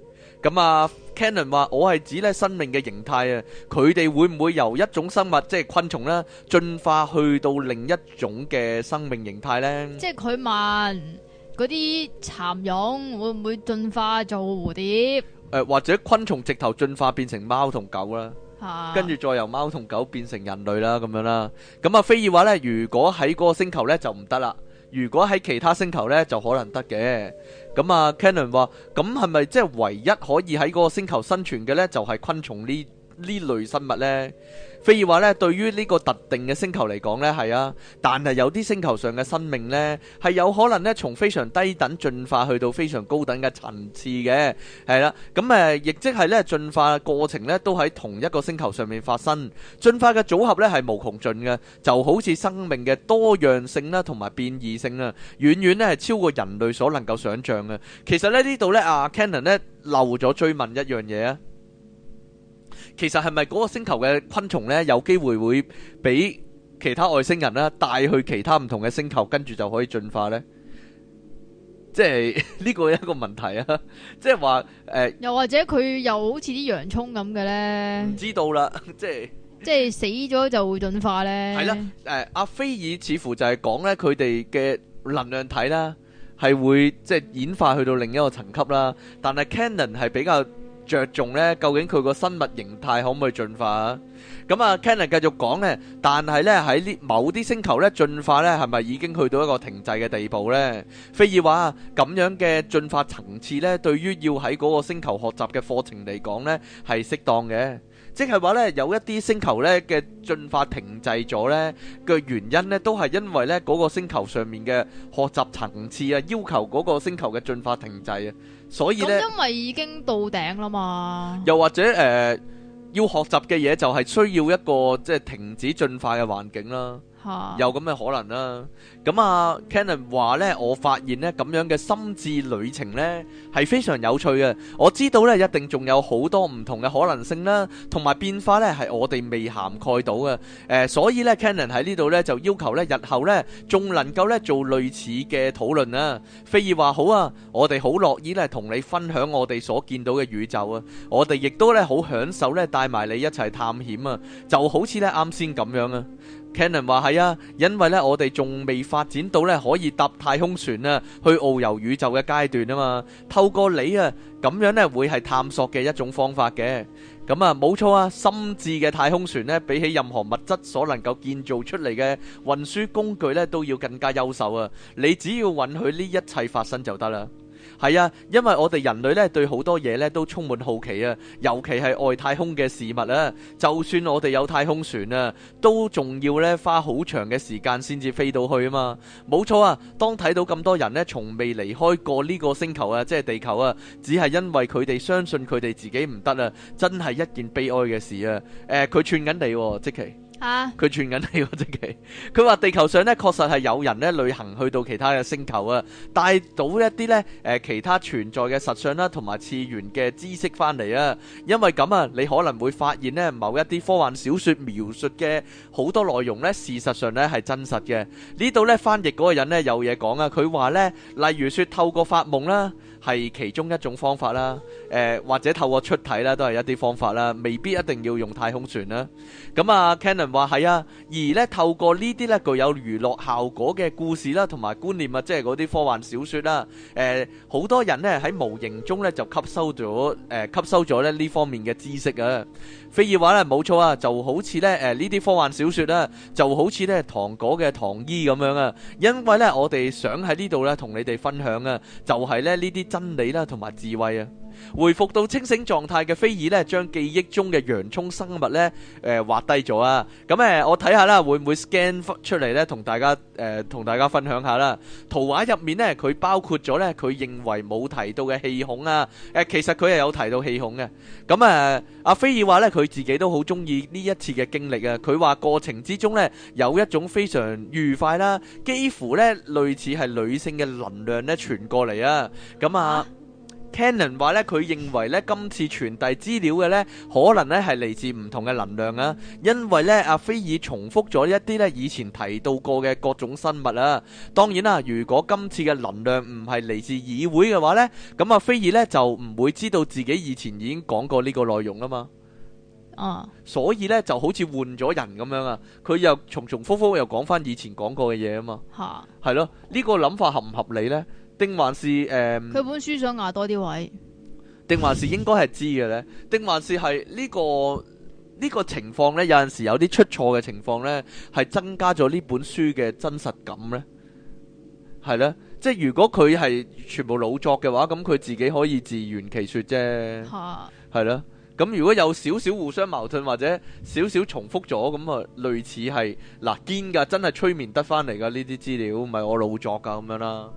咁啊，Canon 話我係指咧生命嘅形態啊，佢哋會唔會由一種生物，即係昆蟲咧，進化去到另一種嘅生命形態呢？即係佢問嗰啲蠶蛹會唔會進化做蝴蝶？誒、呃，或者昆蟲直頭進化變成貓同狗啦，跟住、啊、再由貓同狗變成人類啦，咁樣啦。咁啊，非爾話咧，如果喺嗰個星球咧就唔得啦。如果喺其他星球呢，就可能得嘅。咁啊，Canon 話：咁係咪即係唯一可以喺嗰個星球生存嘅呢？就係、是、昆蟲呢？呢類生物呢，非爾話呢，對於呢個特定嘅星球嚟講呢，係啊，但係有啲星球上嘅生命呢，係有可能呢，從非常低等進化去到非常高等嘅層次嘅，係啦、啊，咁誒亦即係呢，進化嘅過程呢，都喺同一個星球上面發生，進化嘅組合呢，係無窮盡嘅，就好似生命嘅多樣性啦同埋變異性啊，遠遠呢，係超過人類所能夠想象嘅。其實呢，呢度、啊、呢，阿 Canon 呢，漏咗追問一樣嘢啊。其實係咪嗰個星球嘅昆蟲呢？有機會會俾其他外星人啦帶去其他唔同嘅星球，跟住就可以進化呢？即係呢個一個問題啊！即係話誒，呃、又或者佢又好似啲洋蔥咁嘅呢？唔知道啦，即係即係死咗就會進化呢？係啦、呃，阿菲爾似乎就係講呢佢哋嘅能量體啦，係會即係、就是、演化去到另一個層級啦，但係 Canon 係比較。着重咧，究竟佢個生物形態可唔可以進化啊？咁啊，Cannon 繼續講咧，但係咧喺呢某啲星球咧進化咧係咪已經去到一個停滯嘅地步咧？菲爾話咁樣嘅進化層次咧，對於要喺嗰個星球學習嘅課程嚟講咧係適當嘅，即係話咧有一啲星球咧嘅進化停滯咗咧嘅原因咧都係因為咧嗰個星球上面嘅學習層次啊要求嗰個星球嘅進化停滯啊。所以咧，咁因為已經到頂啦嘛。又或者誒、呃，要學習嘅嘢就係需要一個即係、就係、停止進化嘅環境啦。有咁嘅可能啦、啊，咁啊 Cannon 話呢，我發現呢咁樣嘅心智旅程呢，係非常有趣嘅。我知道呢，一定仲有好多唔同嘅可能性啦，同埋變化呢係我哋未涵蓋到嘅。誒、呃，所以呢 Cannon 喺呢度呢，就要求呢，日後呢，仲能夠呢做類似嘅討論啊。菲爾話好啊，我哋好樂意咧同你分享我哋所見到嘅宇宙啊，我哋亦都咧好享受咧帶埋你一齊探險啊，就好似呢啱先咁樣啊。Canon 話係啊，因為咧我哋仲未發展到咧可以搭太空船啊去遨遊宇宙嘅階段啊嘛，透過你啊咁樣咧會係探索嘅一種方法嘅。咁啊冇錯啊，心智嘅太空船咧，比起任何物質所能夠建造出嚟嘅運輸工具咧，都要更加優秀啊！你只要允許呢一切發生就得啦。係啊，因為我哋人類咧對好多嘢咧都充滿好奇啊，尤其係外太空嘅事物啊。就算我哋有太空船啊，都仲要咧花好長嘅時間先至飛到去啊嘛。冇錯啊，當睇到咁多人咧從未離開過呢個星球啊，即係地球啊，只係因為佢哋相信佢哋自己唔得啊，真係一件悲哀嘅事、呃、啊。誒，佢串緊你，積奇。佢串緊你喎，直企。佢話地球上咧確實係有人咧旅行去到其他嘅星球啊，帶到一啲咧誒其他存在嘅實相啦，同埋次元嘅知識翻嚟啊。因為咁啊，你可能會發現咧某一啲科幻小說描述嘅好多內容咧，事實上咧係真實嘅。呢度呢翻譯嗰個人咧有嘢講啊，佢話咧，例如說透過發夢啦。係其中一種方法啦，誒、呃、或者透過出體啦，都係一啲方法啦，未必一定要用太空船啦。咁、嗯、啊，Cannon 話係啊，而呢透過呢啲呢具有娛樂效果嘅故事啦，同埋觀念啊，即係嗰啲科幻小說啦，誒、呃、好多人呢喺無形中呢就吸收咗誒、呃、吸收咗呢呢方面嘅知識啊。非爾話咧冇錯啊，就好似咧誒呢啲科幻小說咧，就好似咧糖果嘅糖衣咁樣啊，因為咧我哋想喺呢度咧同你哋分享啊，就係咧呢啲真理啦同埋智慧啊。回復到清醒狀態嘅菲爾呢，將記憶中嘅洋蔥生物呢，誒畫低咗啊！咁誒，我睇下啦，會唔會 scan 出嚟呢，同大家誒同大家分享下啦。圖畫入面呢，佢包括咗呢，佢認為冇提到嘅氣孔啊，誒，其實佢係有提到氣孔嘅。咁誒，阿菲爾話呢，佢自己都好中意呢一次嘅經歷啊！佢話過程之中呢，有一種非常愉快啦，幾乎呢類似係女性嘅能量呢傳過嚟啊！咁啊。Canon 話咧，佢認為咧，今次傳遞資料嘅咧，可能咧係嚟自唔同嘅能量啊。因為咧，阿菲爾重複咗一啲咧以前提到過嘅各種生物啊。當然啦，如果今次嘅能量唔係嚟自議會嘅話咧，咁阿菲爾咧就唔會知道自己以前已經講過呢個內容啊嘛。啊，所以咧就好似換咗人咁樣啊。佢又重重複複又講翻以前講過嘅嘢啊嘛。吓、啊，係咯，呢、呢個諗法合唔合理呢？定還是誒，佢、嗯、本書想壓多啲位，定還是應該係知嘅呢？定 <laughs> 還是係、這、呢個呢、呢個情況呢？有陣時有啲出錯嘅情況呢，係增加咗呢本書嘅真實感呢？係咧，即係如果佢係全部老作嘅話，咁佢自己可以自圓其說啫。吓係咯，咁如果有少少互相矛盾或者少少重複咗，咁啊類似係嗱堅噶，真係催眠得翻嚟噶呢啲資料，唔係我老作噶咁樣啦。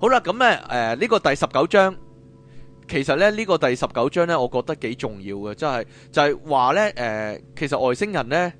好啦，咁咧，誒、呃、呢、這個第十九章，其實咧呢、這個第十九章咧，我覺得幾重要嘅，即係就係話咧，誒、就是呃、其實外星人咧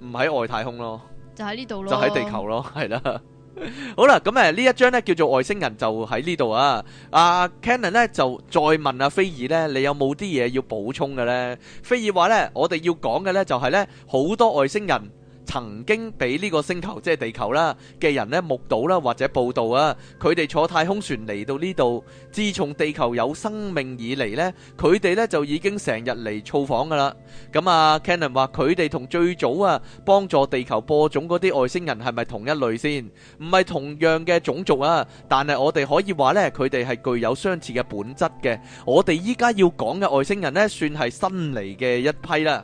唔喺外太空咯，就喺呢度咯，就喺地球咯，係啦。 <laughs> 好啦，咁誒呢一章咧叫做外星人就喺呢度啊。阿、啊、Cannon 咧就再問阿、啊、菲爾咧，你有冇啲嘢要補充嘅咧？菲爾話咧，我哋要講嘅咧就係咧，好多外星人。曾經俾呢個星球即係地球啦嘅人呢，目睹啦或者報道啊，佢哋坐太空船嚟到呢度。自從地球有生命以嚟呢，佢哋呢就已經成日嚟造訪㗎啦。咁啊，Cannon 話佢哋同最早啊幫助地球播種嗰啲外星人係咪同一類先？唔係同樣嘅種族啊，但係我哋可以話呢，佢哋係具有相似嘅本質嘅。我哋依家要講嘅外星人呢，算係新嚟嘅一批啦。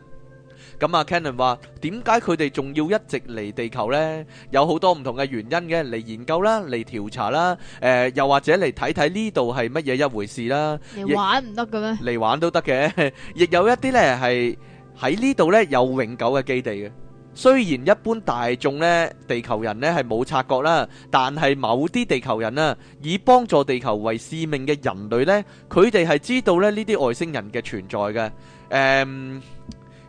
咁啊，Cannon 話，點解佢哋仲要一直嚟地球呢？有好多唔同嘅原因嘅，嚟研究啦，嚟調查啦，誒，又或者嚟睇睇呢度係乜嘢一回事啦。嚟玩唔得嘅咩？嚟玩都得嘅，亦有一啲呢係喺呢度呢有永久嘅基地嘅。雖然一般大眾呢，地球人呢係冇察覺啦，但係某啲地球人啊，以幫助地球為使命嘅人類呢，佢哋係知道呢呢啲外星人嘅存在嘅，誒。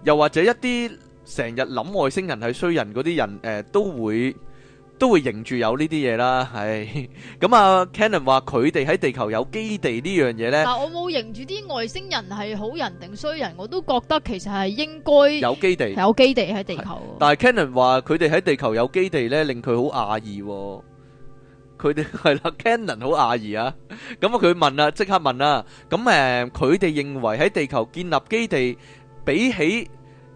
又或者一啲成日諗外星人係衰人嗰啲人，誒都會都會認住有呢啲嘢啦，唉！咁啊，Cannon 話佢哋喺地球有基地呢樣嘢咧，嗱，我冇認住啲外星人係好人定衰人，我都覺得其實係應該有基地，有基地喺地球。但係 Cannon 話佢哋喺地球有基地咧，令佢好訝異。佢哋係啦，Cannon 好訝異啊！咁啊，佢問啊，即刻問啊！咁誒，佢哋認為喺地球建立基地？比起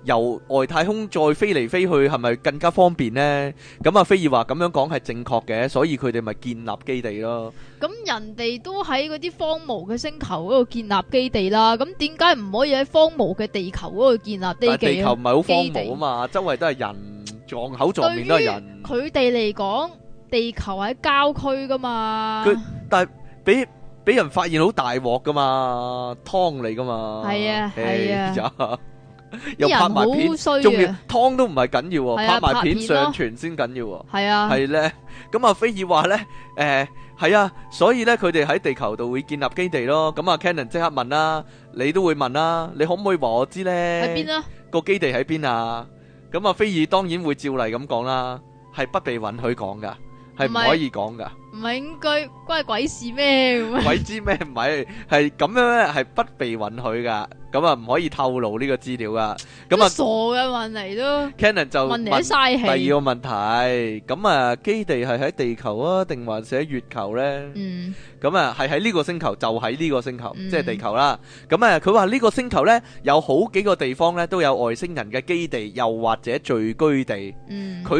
由外太空再飛嚟飛去，係咪更加方便呢？咁啊，飛爾話咁樣講，係正確嘅，所以佢哋咪建立基地咯。咁人哋都喺嗰啲荒蕪嘅星球嗰度建立基地啦。咁點解唔可以喺荒蕪嘅地球嗰度建立基地？地地球唔係好荒蕪啊嘛，周圍都係人，撞口撞面都係人。佢哋嚟講，地球喺郊區㗎嘛。佢但俾。俾人發現好大鑊㗎嘛，湯嚟㗎嘛，係啊係啊，又拍埋片，仲要湯都唔係緊要喎，拍埋片上傳先緊要喎，係啊係咧，咁啊菲爾話咧，誒係啊，所以咧佢哋喺地球度會建立基地咯，咁啊 Cannon 即刻問啦，你都會問啦，你可唔可以話我知咧？喺邊啊？個基地喺邊啊？咁啊菲爾當然會照例咁講啦，係不被允許講㗎，係唔可以講㗎。唔係應該關鬼事咩？ <laughs> 鬼知咩？唔係，係咁樣咧，係不被允許㗎。咁啊，唔可以透露呢個資料啊！咁啊，傻嘅問嚟都。Canon 就問，問你第二個問題，咁啊，基地係喺地球啊，定或者月球咧？嗯。咁啊，係喺呢個星球，就喺呢個星球，嗯、即係地球啦。咁啊，佢話呢個星球咧，有好幾個地方咧，都有外星人嘅基地，又或者聚居地。佢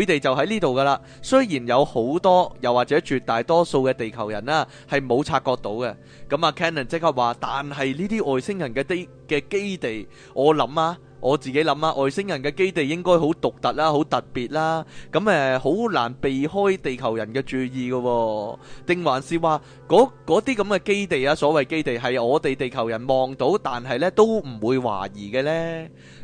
哋、嗯、就喺呢度㗎啦。雖然有好多，又或者絕大多數嘅地球人啦、啊，係冇察覺到嘅。咁啊，Canon 即刻話，但係呢啲外星人嘅啲嘅。基地，我諗啊，我自己諗啊，外星人嘅基地應該好獨特啦，好特別啦，咁誒，好難避開地球人嘅注意嘅，定還是話嗰嗰啲咁嘅基地啊，所謂基地係我哋地球人望到，但係呢都唔會懷疑嘅呢？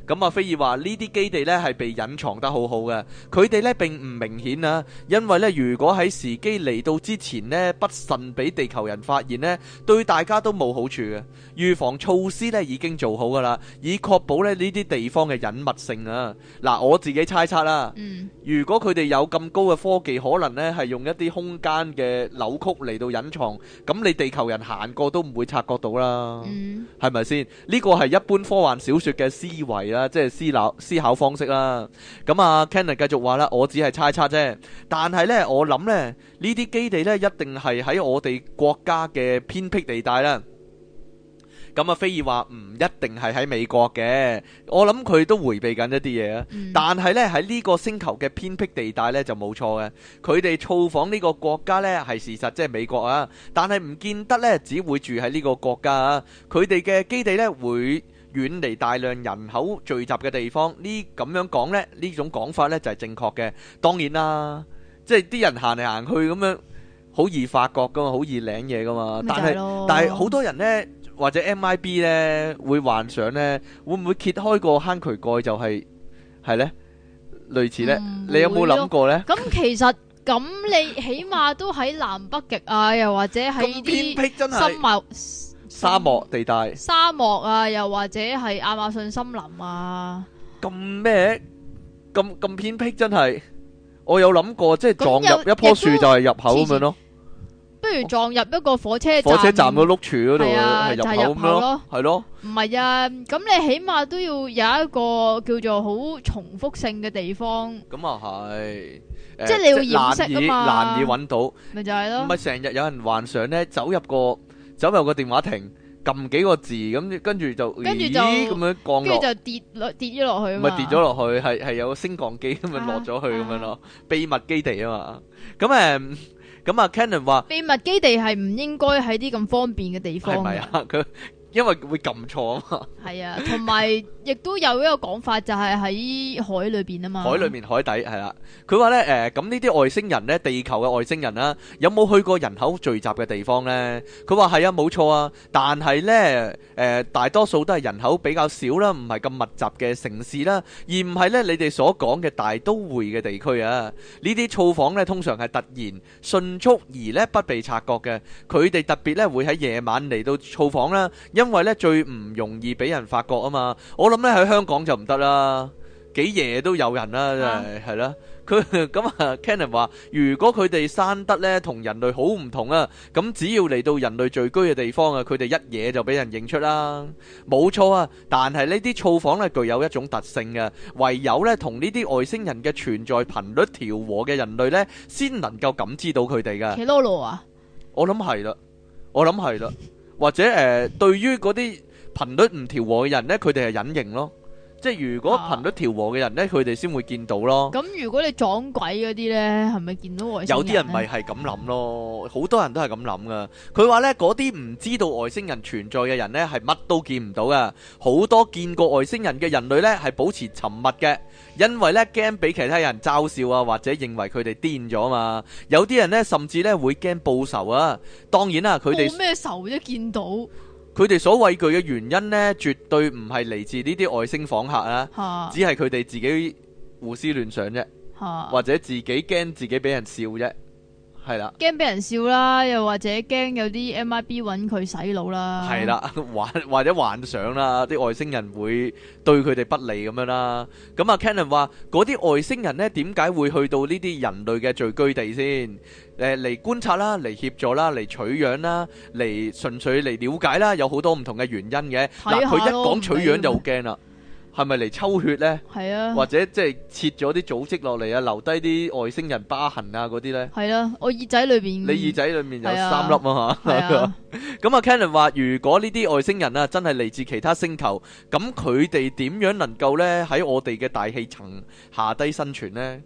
咁啊菲爾話呢啲基地咧係被隱藏得好好嘅，佢哋咧並唔明顯啊，因為咧如果喺時機嚟到之前咧不慎俾地球人發現咧，對大家都冇好處嘅。預防措施咧已經做好噶啦，以確保咧呢啲地方嘅隱密性啊。嗱，我自己猜測啦，嗯、如果佢哋有咁高嘅科技，可能咧係用一啲空間嘅扭曲嚟到隱藏，咁你地球人行過都唔會察覺到啦，嗯、係咪先？呢個係一般科幻小說嘅思維啊。即係思考思考方式啦。咁啊 Cannon 繼續話啦，我只係猜測啫。但係呢，我諗咧，呢啲基地咧，一定係喺我哋國家嘅偏僻地帶啦。咁啊，菲爾話唔一定係喺美國嘅。我諗佢都迴避緊一啲嘢啊。嗯、但係呢，喺呢個星球嘅偏僻地帶呢就冇錯嘅。佢哋造訪呢個國家呢係事實，即係美國啊。但係唔見得呢，只會住喺呢個國家啊。佢哋嘅基地呢會。遠離大量人口聚集嘅地方，呢咁樣講咧，呢種講法咧就係正確嘅。當然啦，即係啲人行嚟行去咁樣，好易發覺噶嘛，好易領嘢噶嘛。但係但係好多人咧，或者 MIB 咧會幻想咧，會唔會揭開個坑渠蓋就係係咧類似咧？你有冇諗過咧？咁其實咁你起碼都喺南北極啊，又或者喺呢啲偏僻真係。沙漠地帶，沙漠啊，又或者係亞馬遜森林啊，咁咩？咁咁偏僻，真係。我有諗過，即係撞入一棵樹就係入口咁樣咯。不如撞入一個火車火車站嗰碌柱嗰度係入口咁樣咯。係咯，唔係啊？咁你起碼都要有一個叫做好重複性嘅地方。咁啊係，即係你要難以難以搵到，咪就係咯。唔係成日有人幻想咧，走入個，走入個電話亭，撳幾個字，咁跟住就，跟住就咦咁樣降落，就跌落跌咗落去，去，唔係跌咗落去，係係有升降機咁咪落咗去咁樣咯，啊、秘密基地啊嘛，咁、嗯、誒，咁、嗯、啊、嗯、Cannon 話秘密基地係唔應該喺啲咁方便嘅地方，係咪啊佢？因為會撳錯啊嘛，係啊，同埋亦都有一個講法就係喺海裏邊啊嘛，海裏面海底係啦。佢話咧誒，咁呢啲外星人咧，地球嘅外星人啦，有冇去過人口聚集嘅地方咧？佢話係啊，冇錯啊，但係咧誒，大多數都係人口比較少啦，唔係咁密集嘅城市啦，而唔係咧你哋所講嘅大都會嘅地區啊。呢啲造訪咧，通常係突然迅速而咧不被察覺嘅。佢哋特別咧會喺夜晚嚟到造訪啦，因因為咧最唔容易俾人發覺啊嘛，我諗咧喺香港就唔得啦，幾夜都有人啦，係係啦。佢咁啊，Kenneth 話如果佢哋生得咧同人類好唔同啊，咁只要嚟到人類聚居嘅地方啊，佢哋一嘢就俾人認出啦。冇錯啊，但係呢啲造訪咧具有一種特性嘅，唯有咧同呢啲外星人嘅存在頻率調和嘅人類咧，先能夠感知到佢哋嘅。企囉囉啊，我諗係啦，我諗係啦。或者誒，呃，對於嗰啲頻率唔調和嘅人咧，佢哋係隱形咯。即係如果頻率調和嘅人呢，佢哋先會見到咯。咁如果你撞鬼嗰啲呢，係咪見到外星人？有啲人咪係咁諗咯，好多人都係咁諗噶。佢話呢，嗰啲唔知道外星人存在嘅人呢，係乜都見唔到噶。好多見過外星人嘅人類呢，係保持沉默嘅，因為呢驚俾其他人嘲笑啊，或者認為佢哋癲咗嘛。有啲人呢，甚至呢會驚報仇啊。當然啦，佢哋冇咩仇啫，見到。佢哋所畏懼嘅原因呢，絕對唔係嚟自呢啲外星訪客啊，哈 只係佢哋自己胡思亂想啫，哈 或者自己驚自己俾人笑啫。係啦，驚俾人笑啦，又或者驚有啲 MIB 揾佢洗腦啦。係啦，幻或者幻想啦，啲外星人會對佢哋不利咁樣啦。咁啊，Cannon 話嗰啲外星人咧點解會去到呢啲人類嘅聚居地先？誒嚟觀察啦，嚟協助啦，嚟取樣啦，嚟純粹嚟瞭解啦，有好多唔同嘅原因嘅。嗱，佢一講取樣就好驚啦。係咪嚟抽血呢？係啊，或者即係切咗啲組織落嚟啊，留低啲外星人疤痕啊嗰啲呢？係啊，我耳仔裏邊。你耳仔裏面有三粒啊嚇！咁啊，Cannon、啊 <laughs> 嗯、話：如果呢啲外星人啊真係嚟自其他星球，咁佢哋點樣能夠呢喺我哋嘅大氣層下低生存呢？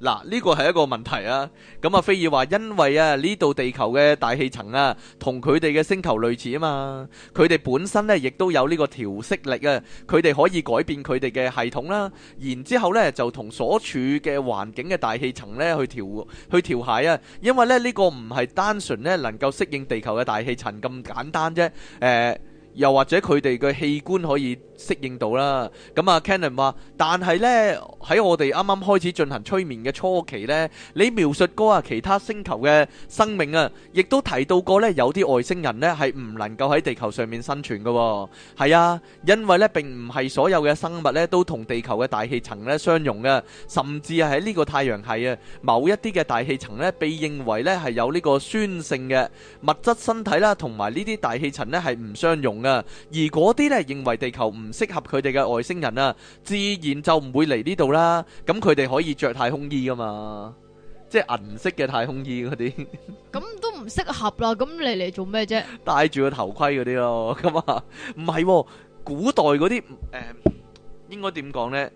嗱，呢個係一個問題啊！咁啊，菲爾話因為啊呢度地球嘅大氣層啊，同佢哋嘅星球類似啊嘛，佢哋本身呢，亦都有呢個調適力啊，佢哋可以改變佢哋嘅系統啦、啊，然之後呢，就同所處嘅環境嘅大氣層呢去調去調諧啊，因為咧呢、呢個唔係單純呢能夠適應地球嘅大氣層咁簡單啫，誒、呃。又或者佢哋嘅器官可以適應到啦。咁啊，Cannon 話，但係咧，喺我哋啱啱開始進行催眠嘅初期咧，你描述過啊其他星球嘅生命啊，亦都提到過咧有啲外星人咧係唔能夠喺地球上面生存嘅。係啊，因為咧並唔係所有嘅生物咧都同地球嘅大氣層咧相融嘅，甚至係呢個太陽系啊某一啲嘅大氣層咧被認為咧係有呢個酸性嘅物質身體啦，同埋呢啲大氣層咧係唔相融。啊！而嗰啲咧認為地球唔適合佢哋嘅外星人啊，自然就唔會嚟呢度啦。咁佢哋可以着太空衣噶嘛，即係銀色嘅太空衣嗰啲。咁都唔適合啦。咁你嚟做咩啫？戴住個頭盔嗰啲咯。咁啊，唔係古代嗰啲誒，應該點講呢？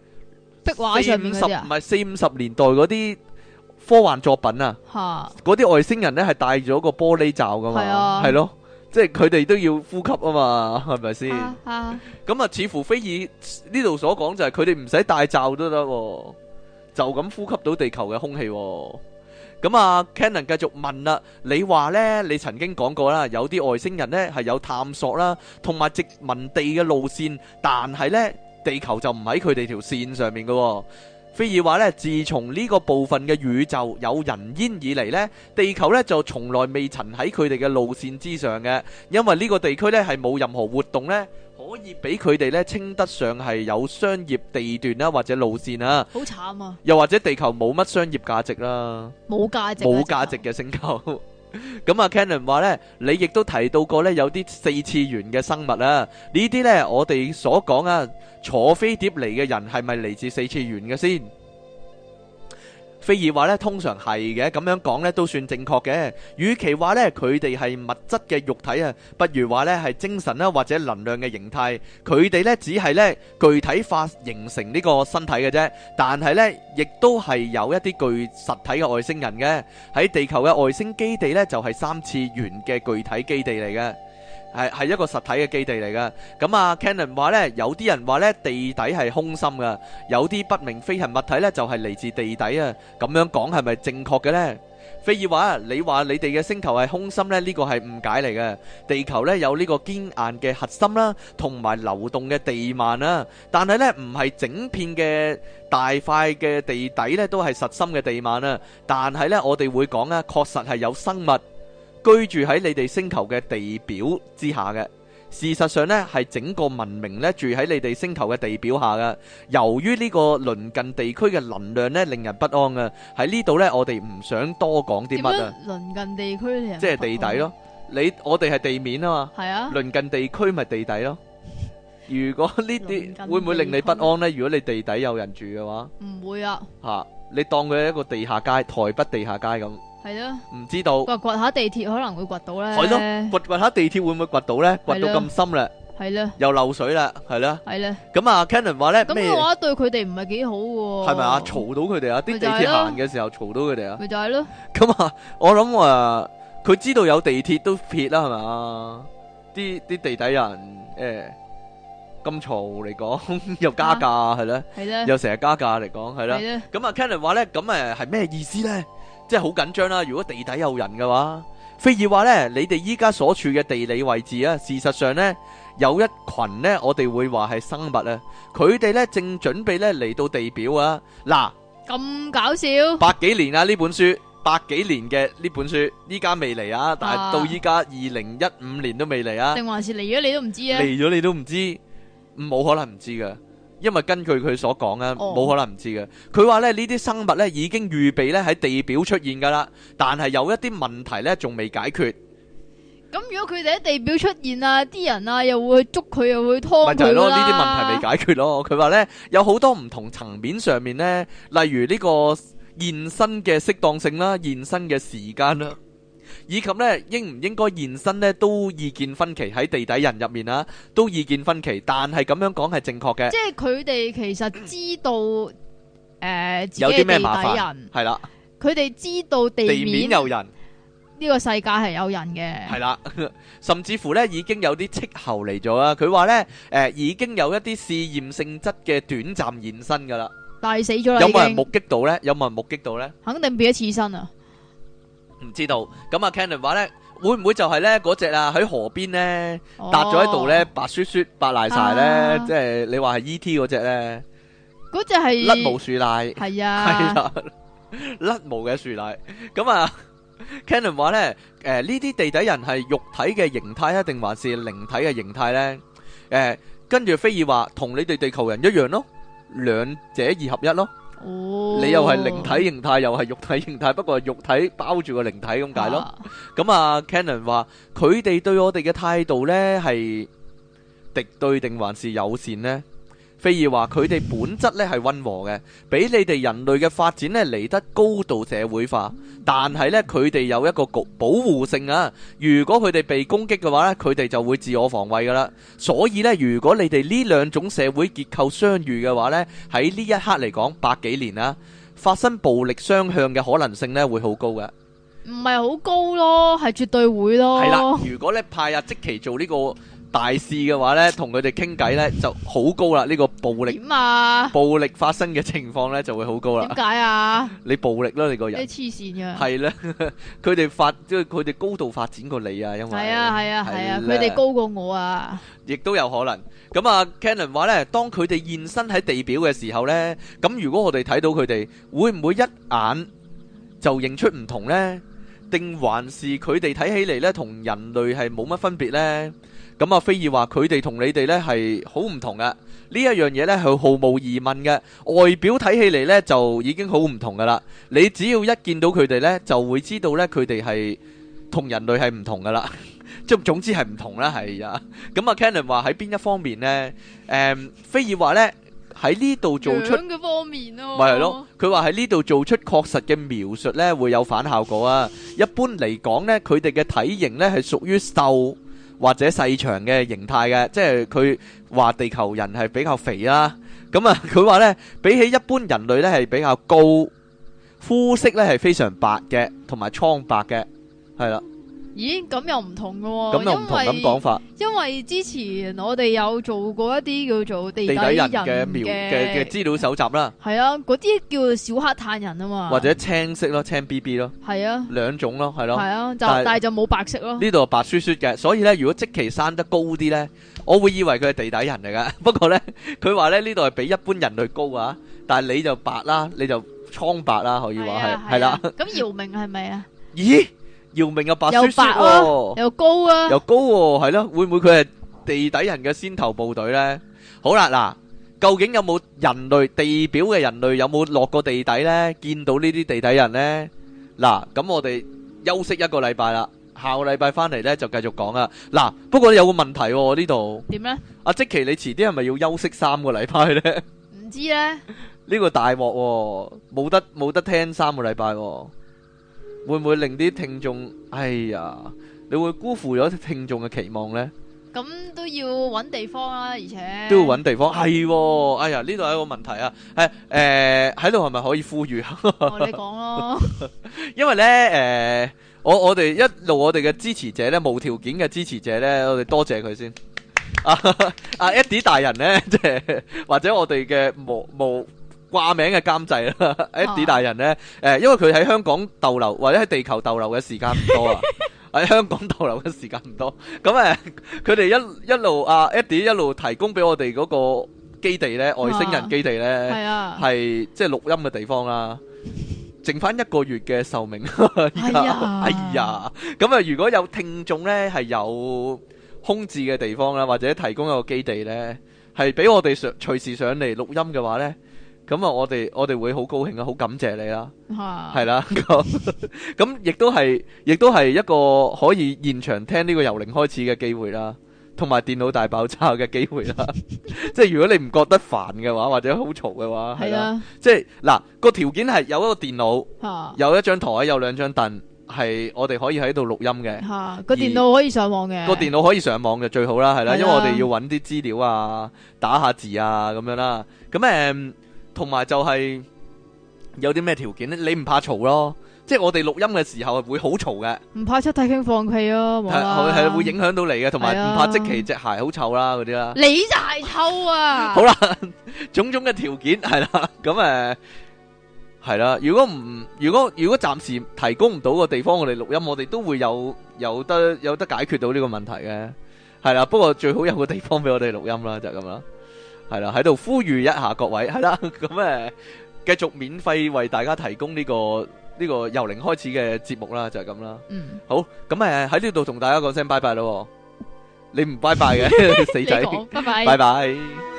壁畫上邊啊，唔係四五十年代嗰啲科幻作品啊。吓，嗰啲外星人咧係戴住一個玻璃罩噶嘛。係咯。即係佢哋都要呼吸啊嘛，係咪先？咁啊，啊、 <laughs> 嗯，似乎菲爾呢度所講就係佢哋唔使戴罩都得、啊，就咁呼吸到地球嘅空氣、啊。咁、嗯、啊，Cannon 繼續問啦、啊，你話呢？你曾經講過啦，有啲外星人呢係有探索啦，同埋殖民地嘅路線，但係呢，地球就唔喺佢哋條線上面嘅、啊。菲爾話咧，自從呢個部分嘅宇宙有人煙以嚟咧，地球咧就從來未曾喺佢哋嘅路線之上嘅，因為呢個地區咧係冇任何活動咧，可以俾佢哋咧稱得上係有商業地段啦，或者路線啊。好慘啊！又或者地球冇乜商業價值啦，冇價值、啊，冇價值嘅星球。 <laughs> 咁啊，Canon 話咧，你亦都提到過咧，有啲四次元嘅生物啊，呢啲咧我哋所講啊，坐飛碟嚟嘅人係咪嚟自四次元嘅先？菲爾話咧，通常係嘅，咁樣講咧都算正確嘅。與其話咧佢哋係物質嘅肉體啊，不如話咧係精神啦或者能量嘅形態。佢哋咧只係咧具體化形成呢個身體嘅啫。但係咧，亦都係有一啲具實體嘅外星人嘅喺地球嘅外星基地咧，就係三次元嘅具體基地嚟嘅。係係一個實體嘅基地嚟噶，咁啊，Cannon 話呢，有啲人話呢，地底係空心噶，有啲不明飛行物體呢，就係嚟自地底啊，咁樣講係咪正確嘅呢？菲爾話：你話你哋嘅星球係空心呢，呢個係誤解嚟嘅。地球呢，有呢個堅硬嘅核心啦，同埋流動嘅地幔啊。但係呢，唔係整片嘅大塊嘅地底呢，都係實心嘅地幔啊，但係呢，我哋會講啊，確實係有生物。居住喺你哋星球嘅地表之下嘅，事實上呢，係整個文明呢住喺你哋星球嘅地表下嘅。由於呢個鄰近地區嘅能量呢令人不安嘅，喺呢度呢，我哋唔想多講啲乜啊。鄰近地區即係地底咯，你我哋係地面啊嘛，係啊。鄰近地區咪地底咯。 <laughs> 如果呢啲會唔會令你不安呢？如果你地底有人住嘅話，唔會啊。吓、啊，你當佢係一個地下街，台北地下街咁。係咯，唔知道。掘下地鐵可能會掘到咧。係咯，掘掘下地鐵會唔會掘到咧？掘到咁深咧。係咯。又漏水啦，係咯。係啦。咁啊，Cannon 話咧，咁嘅話對佢哋唔係幾好嘅。係咪啊？嘈到佢哋啊！啲地鐵行嘅時候嘈到佢哋啊？咪就係咯。咁啊，我諗啊，佢知道有地鐵都撇啦，係咪？啲啲地底人誒咁嘈嚟講又加價係咯，係啦，又成日加價嚟講係啦。咁啊，Cannon 話咧，咁誒係咩意思咧？即係好緊張啦！如果地底有人嘅話，非爾話呢，你哋依家所處嘅地理位置啊，事實上呢，有一群呢，我哋會話係生物啊，佢哋呢，正準備呢嚟到地表啊！嗱，咁搞笑，百幾年啊呢本書，百幾年嘅呢本書，依家未嚟啊，但係到依家二零一五年都未嚟啊，定還是嚟咗你都唔知啊？嚟咗你都唔知，冇可能唔知噶。因為根據佢所講咧，冇、oh. 可能唔知嘅。佢話咧，呢啲生物咧已經預備咧喺地表出現噶啦，但係有一啲問題咧仲未解決。咁如果佢哋喺地表出現啊，啲人啊又會去捉佢，又會劏佢啦，問題咯，呢啲問題未解決咯。佢話咧有好多唔同層面上面咧，例如呢個現身嘅適當性啦，現身嘅時間啦。以及咧應唔應該現身咧，都意見分歧喺地底人入面啦，都意見分歧。但係咁樣講係正確嘅。即係佢哋其實知道，誒自己地底人係啦。佢哋知道地面有人，呢個世界係有人嘅。係啦，甚至乎咧已經有啲斥候嚟咗啦。佢話咧，誒已經有一啲試驗性質嘅短暫現身噶啦。但係死咗啦，有冇人目擊到咧？有冇人目擊到咧？肯定變咗刺身啊！唔知道，咁啊，Cannon 話咧，會唔會就係咧嗰隻啊？喺河邊咧，搭咗喺度咧，白雪雪白瀨曬咧，即係你話係 E.T. 嗰隻咧？嗰隻係甩毛樹瀨，係啊，甩毛嘅樹瀨。咁啊，Cannon 話咧，誒呢啲地底人係肉體嘅形態啊，定還是靈體嘅形態咧？誒，跟住菲爾話，同你哋地球人一樣咯，兩者二合一咯。你又係靈體形態，又係肉體形態，不過係肉體包住個靈體咁解咯。咁啊，Canon 話佢哋對我哋嘅態度呢，係敵對定還是友善呢？譬如話佢哋本質咧係溫和嘅，比你哋人類嘅發展咧嚟得高度社會化，但係呢，佢哋有一個局保護性啊。如果佢哋被攻擊嘅話呢，佢哋就會自我防衛噶啦。所以呢，如果你哋呢兩種社會結構相遇嘅話呢，喺呢一刻嚟講百幾年啦、啊，發生暴力雙向嘅可能性呢會好高噶，唔係好高咯，係絕對會咯。係啦，如果咧派阿即期做呢、這個。大事嘅話呢，同佢哋傾偈呢就好高啦。呢個暴力，點啊？暴力發生嘅情況呢就會好高啦。點解啊？ <laughs> 你暴力啦，你個人。你黐線㗎。係啦， <laughs> 佢哋發即佢哋高度發展過你啊，因為係啊，係啊，係啊，佢哋、啊啊、高過我啊。亦都有可能咁啊。Cannon 話呢，當佢哋現身喺地表嘅時候呢，咁如果我哋睇到佢哋，會唔會一眼就認出唔同呢？定還是佢哋睇起嚟呢，同人類係冇乜分別呢？咁阿菲爾話：佢哋同你哋咧係好唔同嘅，呢一樣嘢咧係毫無疑問嘅。外表睇起嚟咧，就已經好唔同噶啦。你只要一見到佢哋咧，就會知道咧佢哋係同人類係唔同噶啦。即總之係唔同啦，係啊。咁阿 Cannon 話喺邊一方面咧？誒，菲爾話咧喺呢度做出，係係咯？佢話喺呢度做出確實嘅描述咧，會有反效果啊。一般嚟講咧，佢哋嘅體型咧係屬於瘦或者細長嘅形態嘅，即係佢話地球人係比較肥啦，咁啊佢話呢，比起一般人類呢，係比較高，膚色呢係非常白嘅，同埋蒼白嘅，係啦。咦，咁又唔同噶？咁又唔同咁講法？因為之前我哋有做過一啲叫做地底人嘅嘅嘅資料搜集啦。係啊，嗰啲叫小黑炭人啊嘛。或者青色咯，青 B B 咯。係啊，兩種咯，係咯。係啊，但但係就冇白色咯。呢度白雪雪嘅，所以咧，如果即其生得高啲咧，我會以為佢係地底人嚟噶。不過咧，佢話咧呢度係比一般人類高啊。但係你就白啦，你就蒼白啦，可以話係係啦。咁姚明係咪啊？咦？姚明又白雪雪，又高啊，又高喎，係咯，會唔會佢係地底人嘅先頭部隊咧？好啦，嗱，究竟有冇人類地表嘅人類有冇落過地底咧？見到呢啲地底人咧？嗱，咁我哋休息一個禮拜啦，下個禮拜翻嚟咧就繼續講啦。嗱，不過有個問題，呢度點咧？阿即奇，你遲啲係咪要休息三個禮拜咧？唔知咧？呢個大鑊，冇得冇得聽三個禮拜。會唔會令啲聽眾，哎呀，你會辜負咗聽眾嘅期望呢？咁都要揾地方啦、啊，而且都要揾地方。係、哎，哎呀，呢度有一個問題啊，係誒喺度係咪可以呼籲啊、 <laughs> 哦，你講咯， <laughs> 因為呢，誒、呃，我我哋一路我哋嘅支持者呢，無條件嘅支持者呢，我哋多謝佢先。阿阿 Eddie 大人呢，即 <laughs> 係或者我哋嘅冇冇。掛名嘅監製啦，Eddie 大人咧，誒，因為佢喺香港逗留或者喺地球逗留嘅時間唔多啊，喺香港逗留嘅時間唔多，咁誒，佢哋一一路啊，Eddie 一路提供俾我哋嗰個基地咧，外星人基地咧，係啊，係即係錄音嘅地方啦，剩翻一個月嘅壽命，係啊，哎呀，咁啊，如果有聽眾咧，係有空置嘅地方啦，或者提供一個基地咧，係俾我哋上隨時上嚟錄音嘅話咧。咁啊！我哋我哋會好高興啊，好感謝你啦，係、啊、啦咁，咁 <laughs> 亦都係，亦都係一個可以現場聽呢個由零開始嘅機會啦，同埋電腦大爆炸嘅機會啦。 <laughs> 即係如果你唔覺得煩嘅話，或者好嘈嘅話，係是、啊、啦。即係嗱個條件係有一個電腦，啊、有一張台，有兩張凳，係我哋可以喺度錄音嘅。吓個、啊、電腦可以上網嘅，個電腦可以上網嘅最好啦，係啦，是啦因為我哋要揾啲資料啊，打下字啊咁樣啦。咁、嗯、誒。嗯嗯嗯嗯嗯同埋就係有啲咩條件咧？你唔怕嘈咯，即係我哋錄音嘅時候會好嘈嘅。唔怕出太驚放屁啊，冇啦，係係會影響到你嘅，同埋唔怕即其隻鞋好臭啦，嗰啲啦。你就係臭啊！啊 <laughs> 好啦，種種嘅條件係啦，咁誒係啦。如果唔如果如果暫時提供唔到個地方，我哋錄音，我哋都會有有得有得解決到呢個問題嘅。係啦，不過最好有個地方俾我哋錄音啦，就係咁啦。係啦，喺度呼籲一下各位，係啦，咁、嗯、誒，繼續免費為大家提供呢、這個呢、這個由零開始嘅節目啦，就係、是、咁啦。嗯，好，咁誒喺呢度同大家講聲拜拜啦、哦，你唔拜拜嘅死 <laughs> <laughs> 仔，說 <laughs> 拜拜，拜拜。 <laughs>